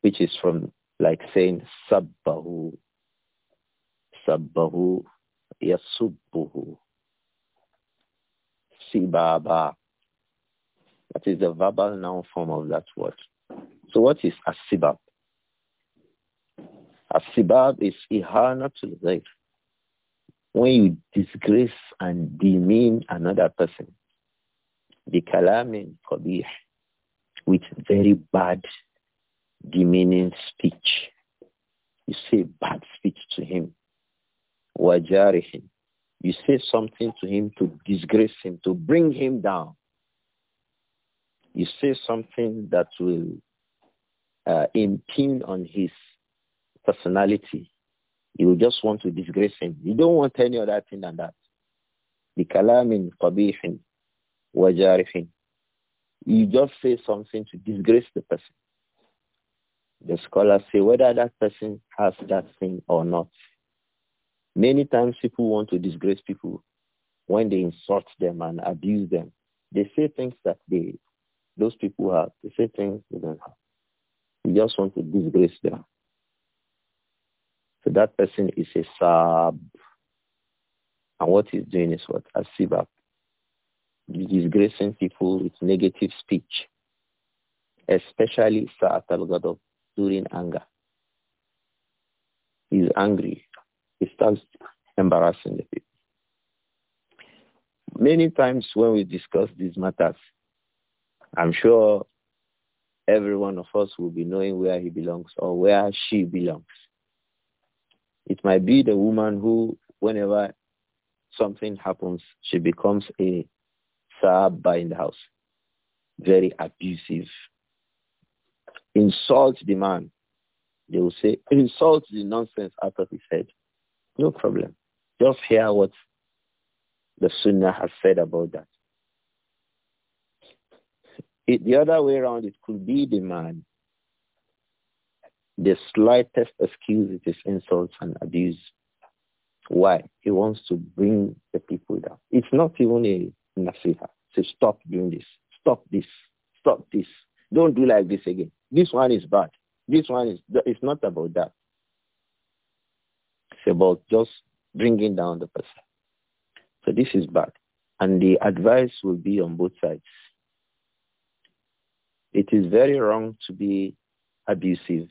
which is from like saying sabbahu sabbahu yasubbuhu sibaba that is the verbal noun form of that word so what is asibab asibab is إهانة ghayr when you disgrace and demean another person, the kalamin kabih, with very bad, demeaning speech. You say bad speech to him. Wajarihin. You say something to him to disgrace him, to bring him down. You say something that will uh, impinge on his personality, you just want to disgrace him. You don't want any other thing than that. بِكَلَامٍ قَبِيحٍ وَجَارِحٍ You just say something to disgrace the person. The scholars say whether that person has that thing or not. Many times people want to disgrace people when they insult them and abuse them. They say things that they those people have. They say things they don't have. You just want to disgrace them. So that person is a sab. And what he's doing is what? A sibab. Disgracing people with negative speech. Especially Sa'at al during anger. He's angry. He starts embarrassing the people. Many times when we discuss these matters, I'm sure every one of us will be knowing where he belongs or where she belongs it might be the woman who, whenever something happens, she becomes a sahabba in the house. Very abusive. Insult the man. They will say, insult the nonsense out of his head. No problem. Just hear what the sunnah has said about that. It, the other way around, it could be the man the slightest excuse it is insults and abuse. Why? He wants to bring the people down. It's not even a nasiha. Say, stop doing this. Stop this. Stop this. Don't do like this again. This one is bad. This one is, it's not about that. It's about just bringing down the person. So this is bad. And the advice will be on both sides. It is very wrong to be abusive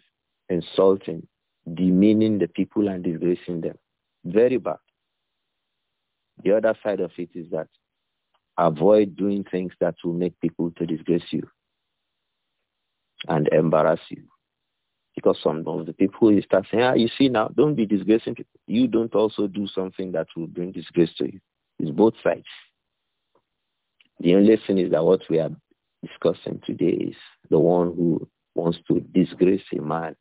insulting, demeaning the people and disgracing them. Very bad. The other side of it is that avoid doing things that will make people to disgrace you and embarrass you. Because some of the people you start saying, ah, you see now, don't be disgracing people. You don't also do something that will bring disgrace to you. It's both sides. The only thing is that what we are discussing today is the one who wants to disgrace a man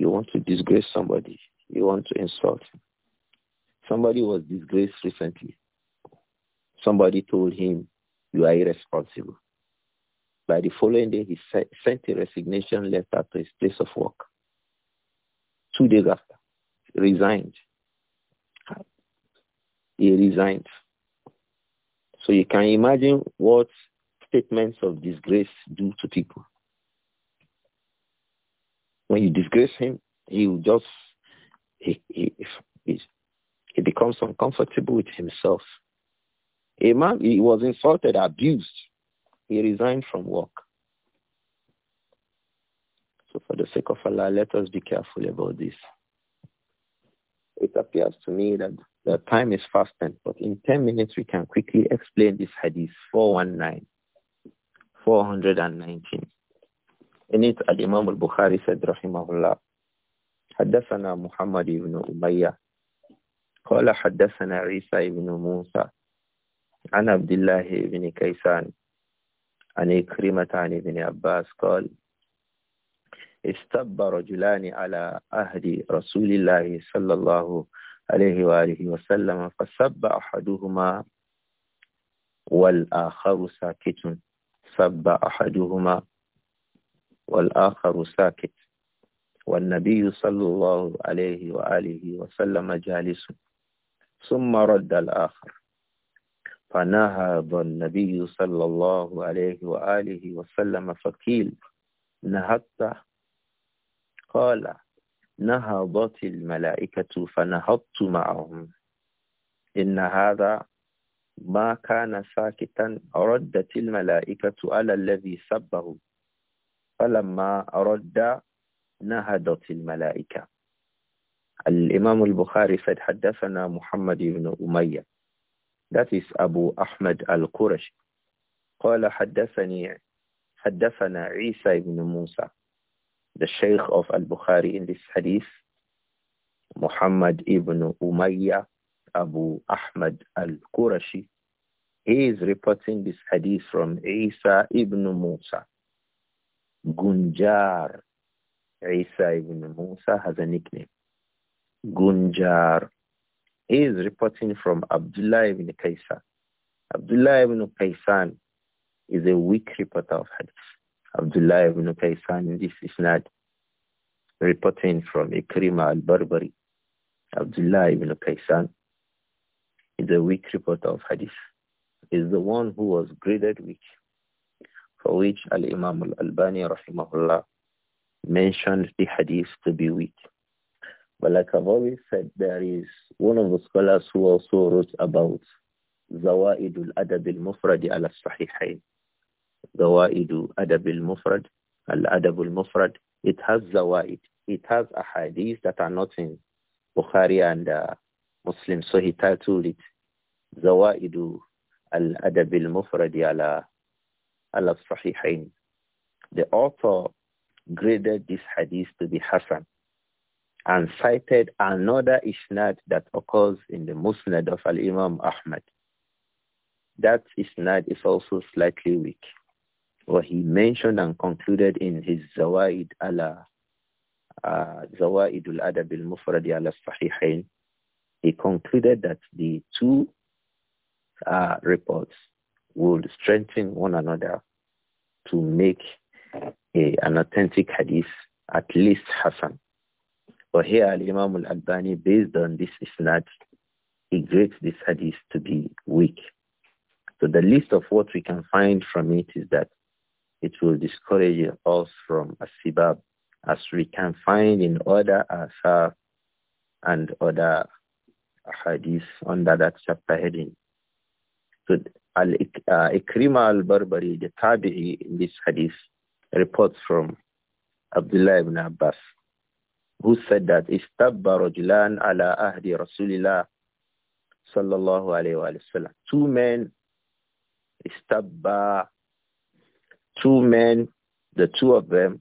you want to disgrace somebody. You want to insult. Somebody was disgraced recently. Somebody told him, you are irresponsible. By the following day, he sent a resignation letter to his place of work. Two days after, resigned. He resigned. So you can imagine what statements of disgrace do to people. When you disgrace him, he will just, he, he, he becomes uncomfortable with himself. A man, he was insulted, abused. He resigned from work. So for the sake of Allah, let us be careful about this. It appears to me that the time is fast spent, but in 10 minutes we can quickly explain this hadith 419, 419. In it, البخاري imam al-Bukhari said, حدثنا محمد بن أمية قال حدثنا عيسى بن موسى عن عبد الله بن كيسان عن إكرمة عن ابن عباس قال استب رجلان على أهل رسول الله صلى الله عليه وآله وسلم فسب أحدهما والآخر ساكت سب أحدهما والآخر ساكت والنبي صلى الله عليه وآله وسلم جالس ثم رد الآخر فنهض النبي صلى الله عليه وآله وسلم فقيل نهضت قال نهضت الملائكة فنهضت معهم إن هذا ما كان ساكتا ردت الملائكة على الذي سبه فلما رد نهضت الملائكة الإمام البخاري said حدثنا محمد بن أمية that is أبو أحمد القرشي قال حدثني حدثنا عيسى بن موسى the Sheikh of Al-Bukhari in this hadith Muhammad ibn Umayyah Abu Ahmad al-Qurashi he is reporting this hadith from Isa ibn Musa Gunjar. Isa ibn Musa has a nickname. Gunjar. He is reporting from Abdullah ibn Kaysan. Abdullah ibn Kaysan is a weak reporter of hadith. Abdullah ibn Kaysan in this is not reporting from Ikrima al-Barbari. Abdullah ibn Kaysan is a weak reporter of hadith. Is the one who was graded weak for which Al-Imam Al-Albani rahimahullah mentioned the hadith to be weak. But like I've always said, there is one of the scholars who also wrote about Zawaidul Adab al-Mufrad al-Sahihayn. Zawaidu Adab al-Mufrad, al-Adab al-Mufrad. It has Zawaid. It has a hadith that are not in Bukhari and uh, Muslim. So he titled it Zawaidu Al-Adab al-Mufrad ala al-Sahihain. The author graded this hadith to be Hassan and cited another isnad that occurs in the Musnad of Al-Imam Ahmad. That isnad is also slightly weak. What he mentioned and concluded in his Zawaid ala uh, Zawaid al-Adab al-Mufradi Sahihain, he concluded that the two uh, reports would strengthen one another to make a, an authentic hadith at least Hassan. But here Al-Imam al-Albani, based on this isnad, he grades this hadith to be weak. So the list of what we can find from it is that it will discourage us from asibab, as we can find in other asar and other hadiths under that chapter heading. So Al-Ikrima uh, al-Barbari, the Tabi'i in this hadith, reports from Abdullah ibn Abbas, who said that Istabba rajulan ala ahdi Rasulillah sallallahu Alaihi wa sallam. Two men, Istabba, two men, the two of them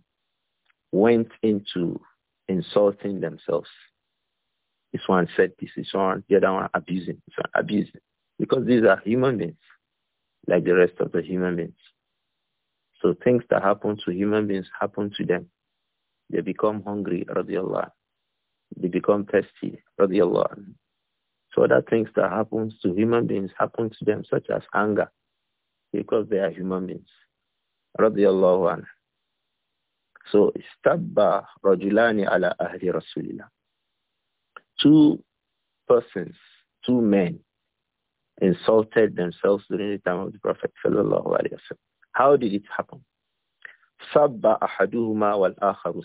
went into insulting themselves. This one said this, this one, the other one abusing, this one abusing. Because these are human beings like the rest of the human beings. So things that happen to human beings happen to them. They become hungry, radiallah. They become thirsty, radiallah. So other things that happens to human beings happen to them, such as anger, because they are human beings, radiallahu anhu. So istabba rajulani ala ahli rasulillah. Two persons, two men insulted themselves during the time of the Prophet sallallahu How did it happen? Sabba ahaduhuma wal akharu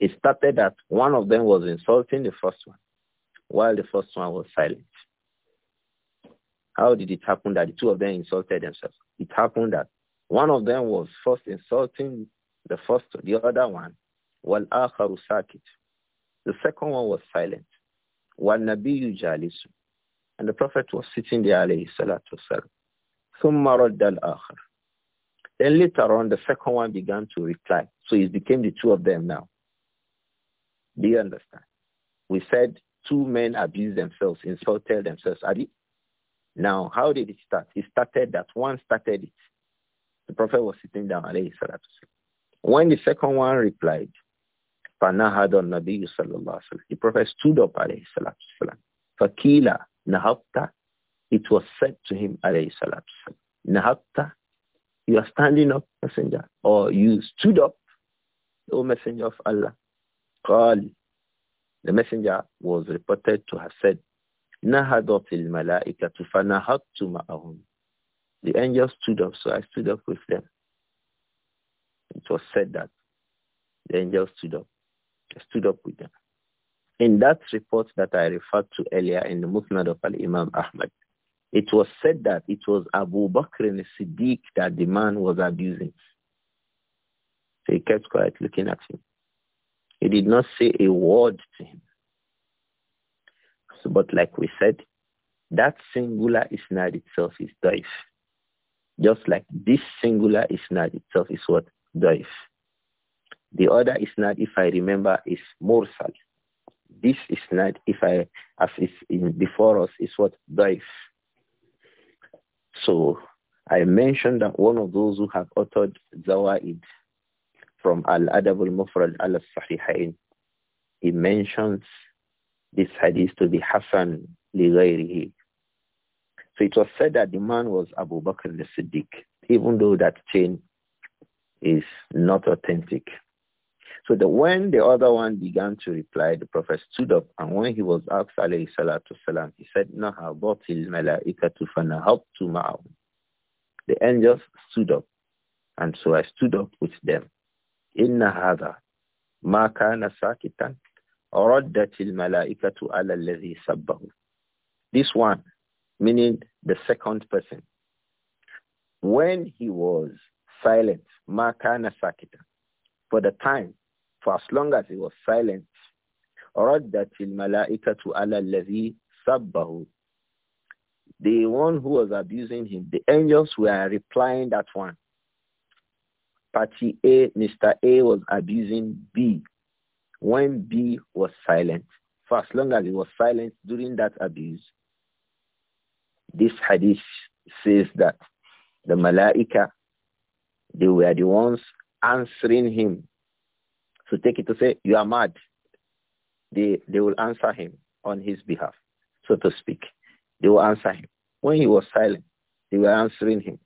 It started that one of them was insulting the first one, while the first one was silent. How did it happen that the two of them insulted themselves? It happened that one of them was first insulting the first, the other one, wal akharu sakit. The second one was silent. Wal Nabiyu jalisu and the Prophet was sitting there, alayhi salatu wasalam. ثُمَّ Then later on, the second one began to reply. So it became the two of them now. Do you understand? We said two men abused themselves, insulted themselves. Adi? Now, how did it start? It started that one started it. The Prophet was sitting down, alayhi salatu When the second one replied, فَنَهَدَ النَّبِيُّ صَلَّى اللَّهُ عَلَيْهِ The Prophet stood up, alayhi salatu wasalam. Fakila. Nahabta, it was said to him, alayhi you are standing up, messenger, or you stood up, O messenger of Allah. Qal, the messenger was reported to have said, Nahadat il malaikatu fanahattu ma'ahum. The angel stood up, so I stood up with them. It was said that the angel stood up. I stood up with them. In that report that I referred to earlier in the Musnad of Al-Imam Ahmad, it was said that it was Abu Bakr and Siddiq that the man was abusing. So he kept quiet looking at him. He did not say a word to him. So, but like we said, that singular isnad itself is daif. Just like this singular isnad itself is what? Daif. The other isnad, if I remember, is mursal. This is not, if I, as it's in, before us, is what daif. So I mentioned that one of those who have uttered zawaid from Al-Adab al-Mufrad al-Sahihain, he mentions this hadith to be Hassan li So it was said that the man was Abu Bakr al-Siddiq, even though that chain is not authentic. So the, when the other one began to reply, the Prophet stood up, and when he was asked, alayhi salatu salam, he said, Naha batil malaikatu fanahabtu ma'ahum. The angels stood up, and so I stood up with them. Inna hadha ma kana sakitan raddatil malaikatu ala alladhi sabbahu. This one, meaning the second person. When he was silent, ma kana sakitan, for the time for as long as he was silent, رَدَّتِ الْمَلَائِكَةُ عَلَى الَّذِي سَبَّهُ The one who was abusing him, the angels were replying that one. Party A, Mr. A was abusing B when B was silent. For as long as he was silent during that abuse, this hadith says that the malaika, they were the ones answering him to take it to say, you are mad. They, they will answer him on his behalf, so to speak. They will answer him. When he was silent, they were answering him.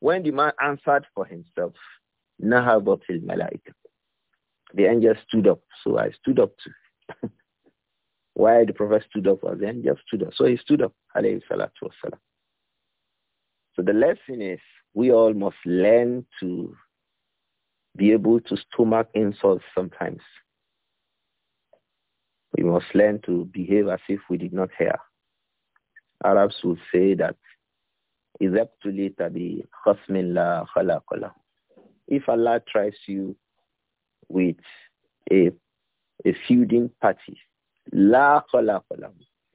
When the man answered for himself, Nahabatil Malaika. The angel stood up, so I stood up too. Why the prophet stood up was the angel stood up. So he stood up, So the lesson is we all must learn to be able to stomach insults sometimes. We must learn to behave as if we did not hear. Arabs would say that if Allah tries you with a, a feuding party, la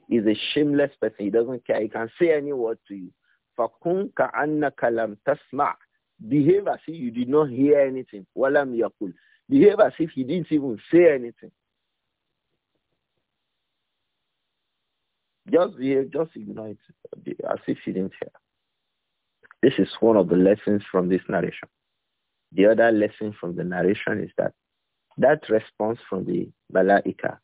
is a shameless person. He doesn't care. He can say any word to you. فَكُنْ كَأَنَّكَ لَمْ تَسْمَعْ Behave as if you did not hear anything. Behave as if he didn't even say anything. Just behave, just ignore it as if he didn't hear. This is one of the lessons from this narration. The other lesson from the narration is that that response from the Balaika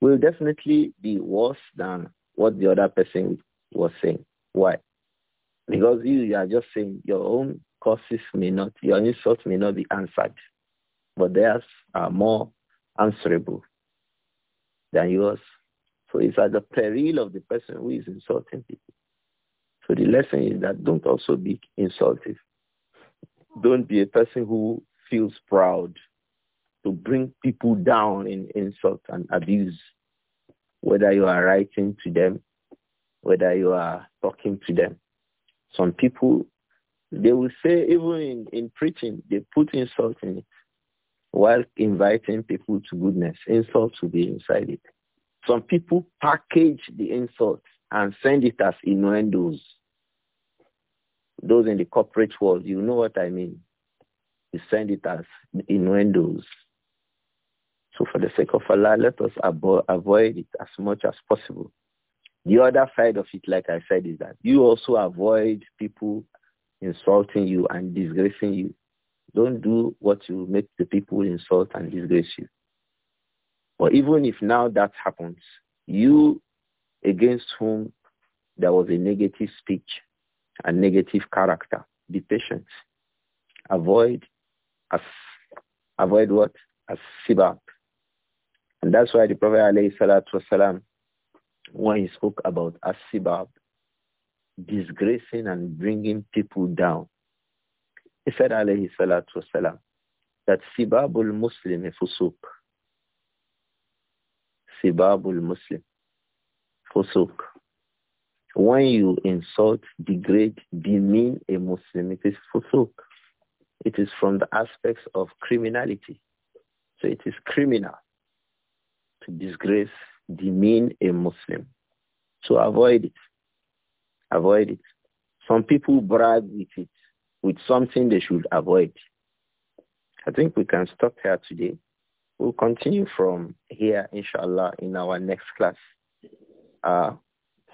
will definitely be worse than what the other person was saying. Why? Because you, you are just saying your own causes may not, your insults may not be answered, but theirs are more answerable than yours. So it's at the peril of the person who is insulting people. So the lesson is that don't also be insulted. Don't be a person who feels proud to bring people down in insult and abuse, whether you are writing to them, whether you are talking to them. Some people they will say even in, in preaching, they put insult in it while inviting people to goodness. Insult will be inside it. Some people package the insult and send it as innuendos. Those in the corporate world, you know what I mean. You send it as innuendos. So for the sake of Allah, let us avoid it as much as possible. The other side of it, like I said, is that you also avoid people insulting you and disgracing you. Don't do what you make the people insult and disgrace you. But even if now that happens, you against whom there was a negative speech, a negative character, be patient. Avoid as avoid what? As sibab. And that's why the Prophet alayhi salatu wasalam, when he spoke about as sibab, disgracing and bringing people down. He said, alayhi salatu wasalam, that sibabul muslim fusuq. Sibabul muslim fusuq. When you insult, degrade, demean a Muslim, it is fusuq. It is from the aspects of criminality. So it is criminal to disgrace, demean a Muslim. So avoid it. Avoid it. Some people brag with it, with something they should avoid. I think we can stop here today. We'll continue from here, inshallah, in our next class. Uh,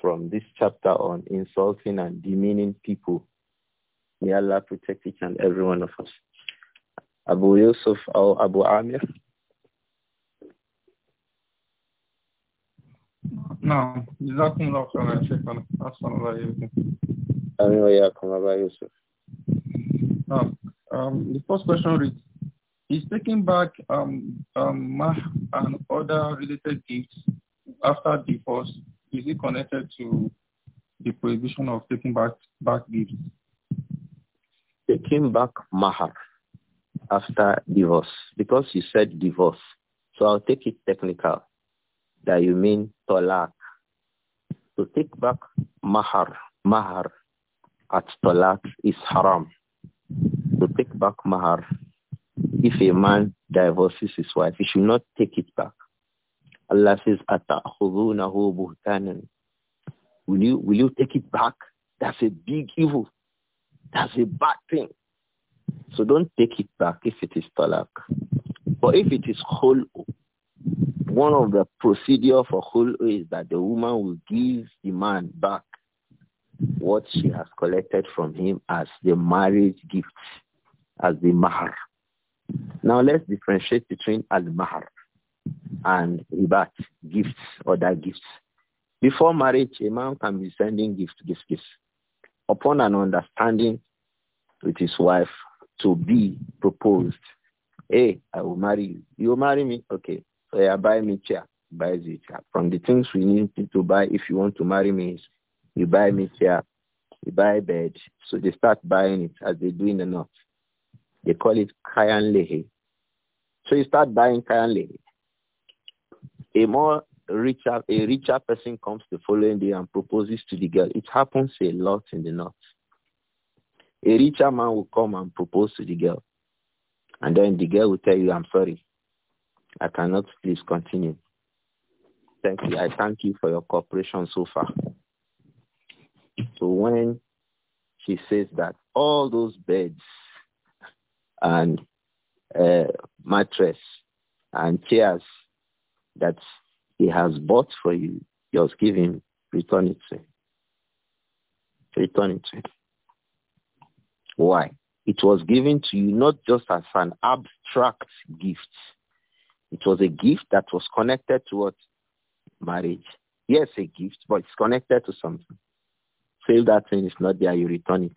from this chapter on insulting and demeaning people. May Allah protect each and every one of us. Abu Yusuf or Abu Amir. نعم جزاكم الله خيرا يا شيخنا أحسن الله إليكم أمين وإياكم أبا يوسف نعم um, the first question reads Is taking back um, um, mah and other related gifts after divorce is it connected to the prohibition of taking back back gifts? Taking back mahar after divorce because you said divorce, so I'll take it technical that you mean talak. To take back mahar, mahar at talak is haram. To take back mahar, if a man divorces his wife, he should not take it back. Allah says, أَتَأْخُذُونَهُ بُهْتَانًا Will you, will you take it back? That's a big evil. That's a bad thing. So don't take it back if it is talak. But if it is khul'u, one of the procedure for khulu is that the woman will give the man back what she has collected from him as the marriage gift, as the mahar. Now let's differentiate between al-mahar and ribat, gifts, other gifts. Before marriage, a man can be sending gifts, gifts, gifts, upon an understanding with his wife to be proposed. Hey, I will marry you. You will marry me? Okay. So yeah, buy me chair. Buy the chair. From the things we need to buy if you want to marry me is you buy me chair, you buy bed. So they start buying it as they do in the north. They call it kayan lehe. So you start buying kayan lehe. A more richer a richer person comes the following day and proposes to the girl. It happens a lot in the north. A richer man will come and propose to the girl. And then the girl will tell you, I'm sorry. I cannot please continue. Thank you. I thank you for your cooperation so far. So when she says that all those beds and uh, mattress and chairs that he has bought for you, just give him, return it to him. Return it to him. Why? It was given to you not just as an abstract gift, it was a gift that was connected to what? Marriage. Yes, a gift, but it's connected to something. So that thing it's not there, you return it.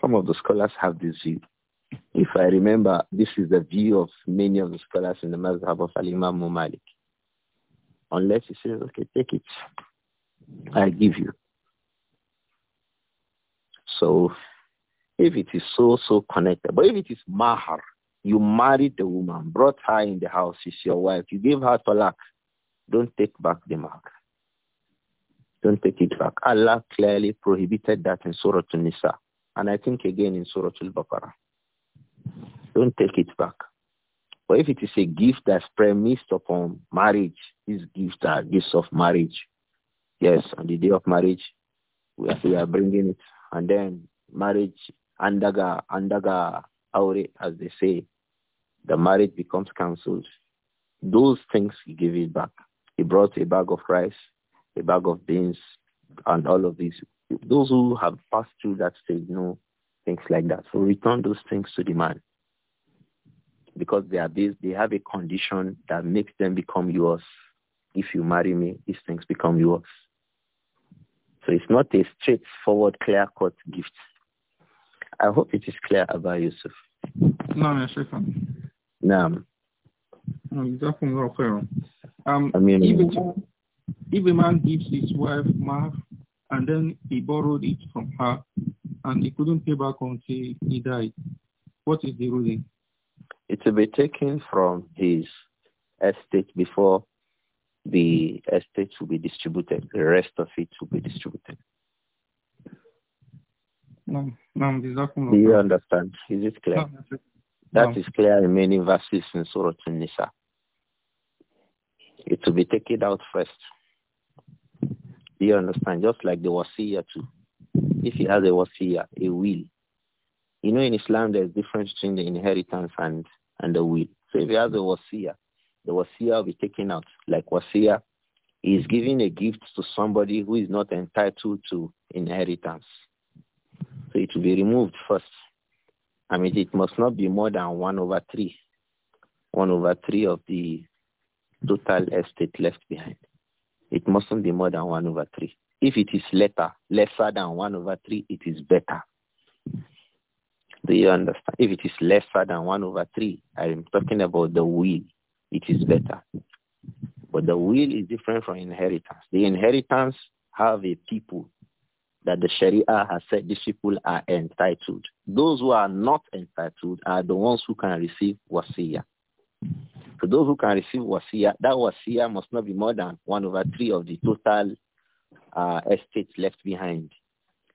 Some of the scholars have this view. If I remember, this is the view of many of the scholars in the Mazhab of Al-Imam Malik. Unless he says, okay, take it. I give you. So if it is so, so connected, but if it is mahar, you married the woman, brought her in the house, she's your wife. You gave her talak. Don't take back the mark. Don't take it back. Allah clearly prohibited that in Surah An-Nisa. And I think again in Surah Al-Baqarah. Don't take it back. But if it is a gift that's premised upon marriage, these gifts are gifts of marriage. Yes, on the day of marriage, we are, we are bringing it. And then marriage, andaga, andaga, aure, as they say, the marriage becomes cancelled. Those things he gave it back. He brought a bag of rice, a bag of beans, and all of these. Those who have passed through that stage know things like that. So return those things to the man because they are these. they have a condition that makes them become yours. If you marry me, these things become yours. So it's not a straightforward, clear-cut gift. I hope it is clear about Yusuf. No, no, Shaitan. No. um, I mean, if, a man, gives his wife mahr and then he borrowed it from her and he couldn't pay back until he died, what is the ruling? It will be taken from his estate before the estate will be distributed. The rest of it will be distributed. No, no, Do you understand? Is it clear? No, that no. is clear in many verses in Surah An-Nisa. It will be taken out first. Do you understand? Just like the wasiya too. If he has a wasiya, a will. You know, in Islam, there's difference between the inheritance and, and the will. So if he has a wasiya, the wasiya will be taken out. Like wasiya is giving a gift to somebody who is not entitled to inheritance. So it will be removed first. I mean, it must not be more than 1 over 3. 1 over 3 of the total estate left behind. It mustn't be more than 1 over 3. If it is lesser, lesser than 1 over 3, it is better. Do you understand? If it is lesser than 1 over 3, I am talking about the will. It is better. But the will is different from inheritance. The inheritance have a people that the Sharia has said these people are entitled. Those who are not entitled are the ones who can receive wasiyah. So those who can receive wasiyah, that wasiyah must not be more than one over three of the total uh, estate left behind.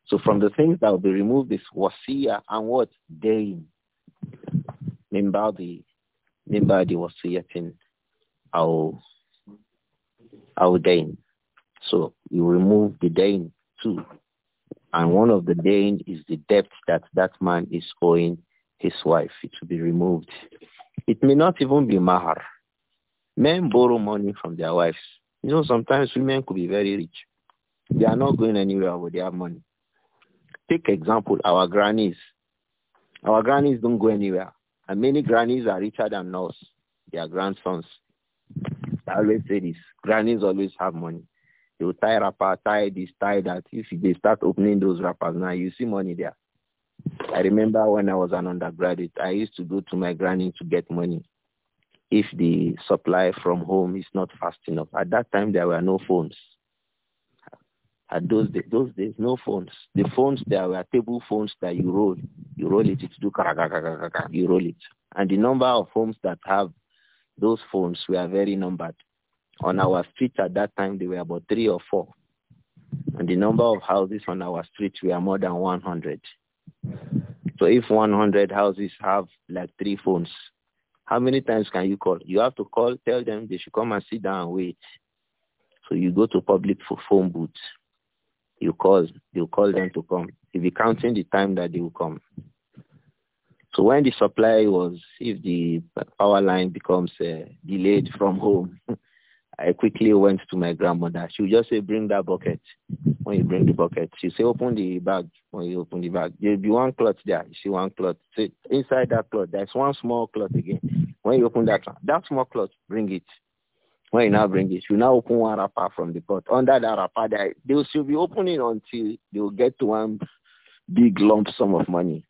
So from the things that will be removed is wasiyah and what? Dain. Mimbadi. Mimbadi wasiyatin. Our, our dain. So you remove the dain too. And one of the dain is the debt that that man is owing his wife. It should be removed. It may not even be mahar. Men borrow money from their wives. You know, sometimes women could be very rich. They are not going anywhere, with their money. Take example, our grannies. Our grannies don't go anywhere. And many grannies are richer than us, their grandsons. I always say this. Grannies always have money. They will tie wrapper, tie this, tie that. If they start opening those rappers now, you see money there. I remember when I was an undergraduate, I used to go to my granny to get money if the supply from home is not fast enough. At that time, there were no phones. At those days, those days, no phones. The phones there were table phones that you roll, you roll it, it do you roll it. And the number of homes that have those phones were very numbered. On our street at that time, there were about three or four. And the number of houses on our street were more than 100. So if 100 houses have like three phones, how many times can you call? You have to call, tell them they should come and sit down and wait. So you go to public phone booths. You call, you call them to come. you are counting the time that they will come. So when the supply was, if the power line becomes uh, delayed from home, I quickly went to my grandmother. She would just say, bring that bucket. When you bring the bucket, she say, open the bag. When you open the bag, there'll be one cloth there. You see one cloth. Say inside that cloth, there's one small cloth again. When you open that, that small cloth, bring it. When you now bring it, you now open one wrapper from the pot. Under that wrapper, they will still be opening until they will get to one big lump sum of money.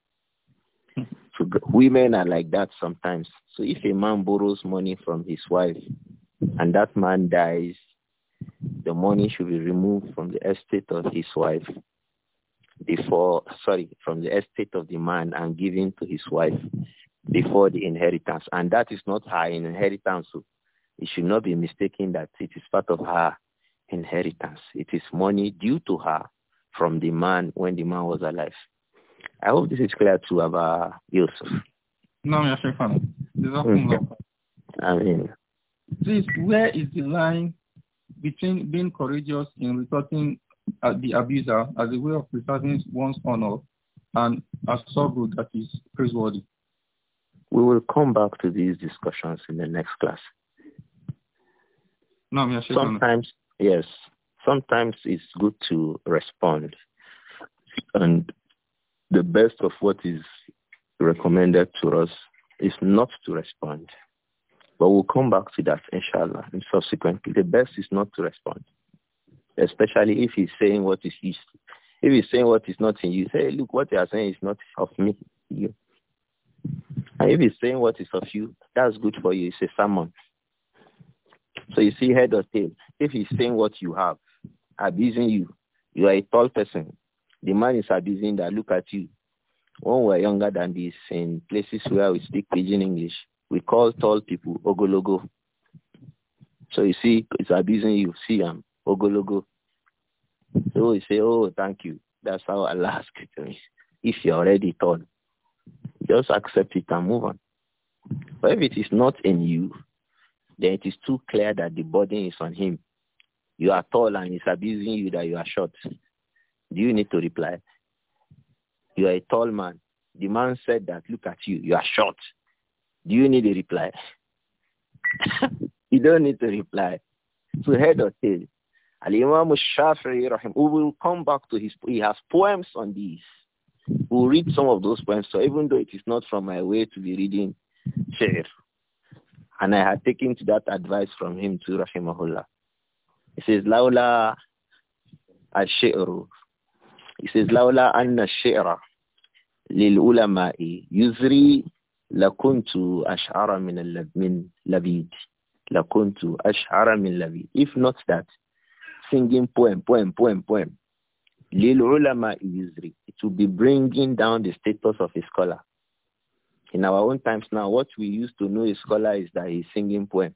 Hmm. So women are like that sometimes. So if a man borrows money from his wife, and that man dies, the money should be removed from the estate of his wife before, sorry, from the estate of the man and given to his wife before the inheritance. And that is not her inheritance. So it should not be mistaken that it is part of her inheritance. It is money due to her from the man when the man was alive. I hope this is clear to our Yusuf. No, Yashifan. I mean, Please, where is the line between being courageous in resorting at uh, the abuser as a way of preserving one's honor and a sorrow that is praiseworthy? We will come back to these discussions in the next class. No, sometimes, yes, sometimes it's good to respond. And the best of what is recommended to us is not to respond. But we'll come back to that, inshallah, in subsequently. The best is not to respond, especially if he's saying what is used. If he's saying what is not in you, say, look, what you are saying is not of me, you. And if he's saying what is of you, that's good for you. It's a sermon. So you see head or tail. If he's saying what you have, abusing you, you are a tall person. The man is abusing that. Look at you. When we were younger than this, in places where we speak pidgin English, we call tall people ogologo. So you see, it's abusing you. See, I'm ogologo. So you say, oh, thank you. That's how Allah ask. to If you're already tall, just accept it and move on. But if it is not in you, then it is too clear that the burden is on him. You are tall and it's abusing you that you are short. Do you need to reply? You are a tall man. The man said that, look at you, you are short. Do you need a reply? you don't need to reply. So head or tail. Al-Imam Shafi'i, we will come back to his, he has poems on these. We'll read some of those poems. So even though it is not from my way to be reading Shair, and I had taken to that advice from him to Rahimahullah. He says, Laula al shairu He says, Laula anna shaira lil ulama'i yuzri لَكُنْتُ أَشْعَرَ la مِنْ لَبِيدٍ ashara min مِنْ لَبِيدٍ If not that, singing poem, poem, poem, poem, lil ulama yuzri, it will be bringing down the status of a scholar. In our own times now, what we used to know a scholar is that he's singing poem,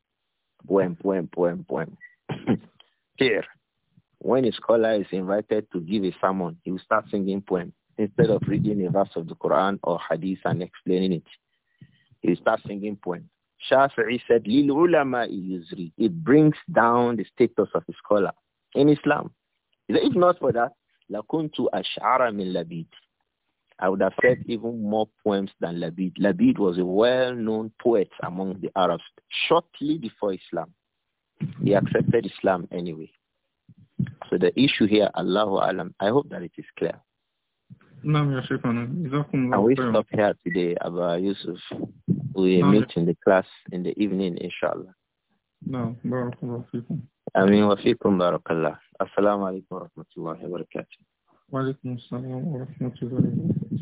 poem, poem, poem, poem. Here, when a scholar is invited to give a sermon, he will start singing poem instead of reading a verse of the Quran or Hadith and explaining it. He starts singing poems. Shafi'i said, Lil ulama yuzri. It brings down the status of a scholar in Islam. Said, if not for that, lakuntu ash'ara min labid. I would have said even more poems than Labid. Labid was a well-known poet among the Arabs shortly before Islam. He accepted Islam anyway. So the issue here, Allahu Alam, I hope that it is clear. Naam We stop here today about Yusuf. We meet in the class in the evening inshallah. Naam, barakallahu fiikum. Ameen wa Assalamu alaykum wa rahmatullahi wa barakatuh. Wa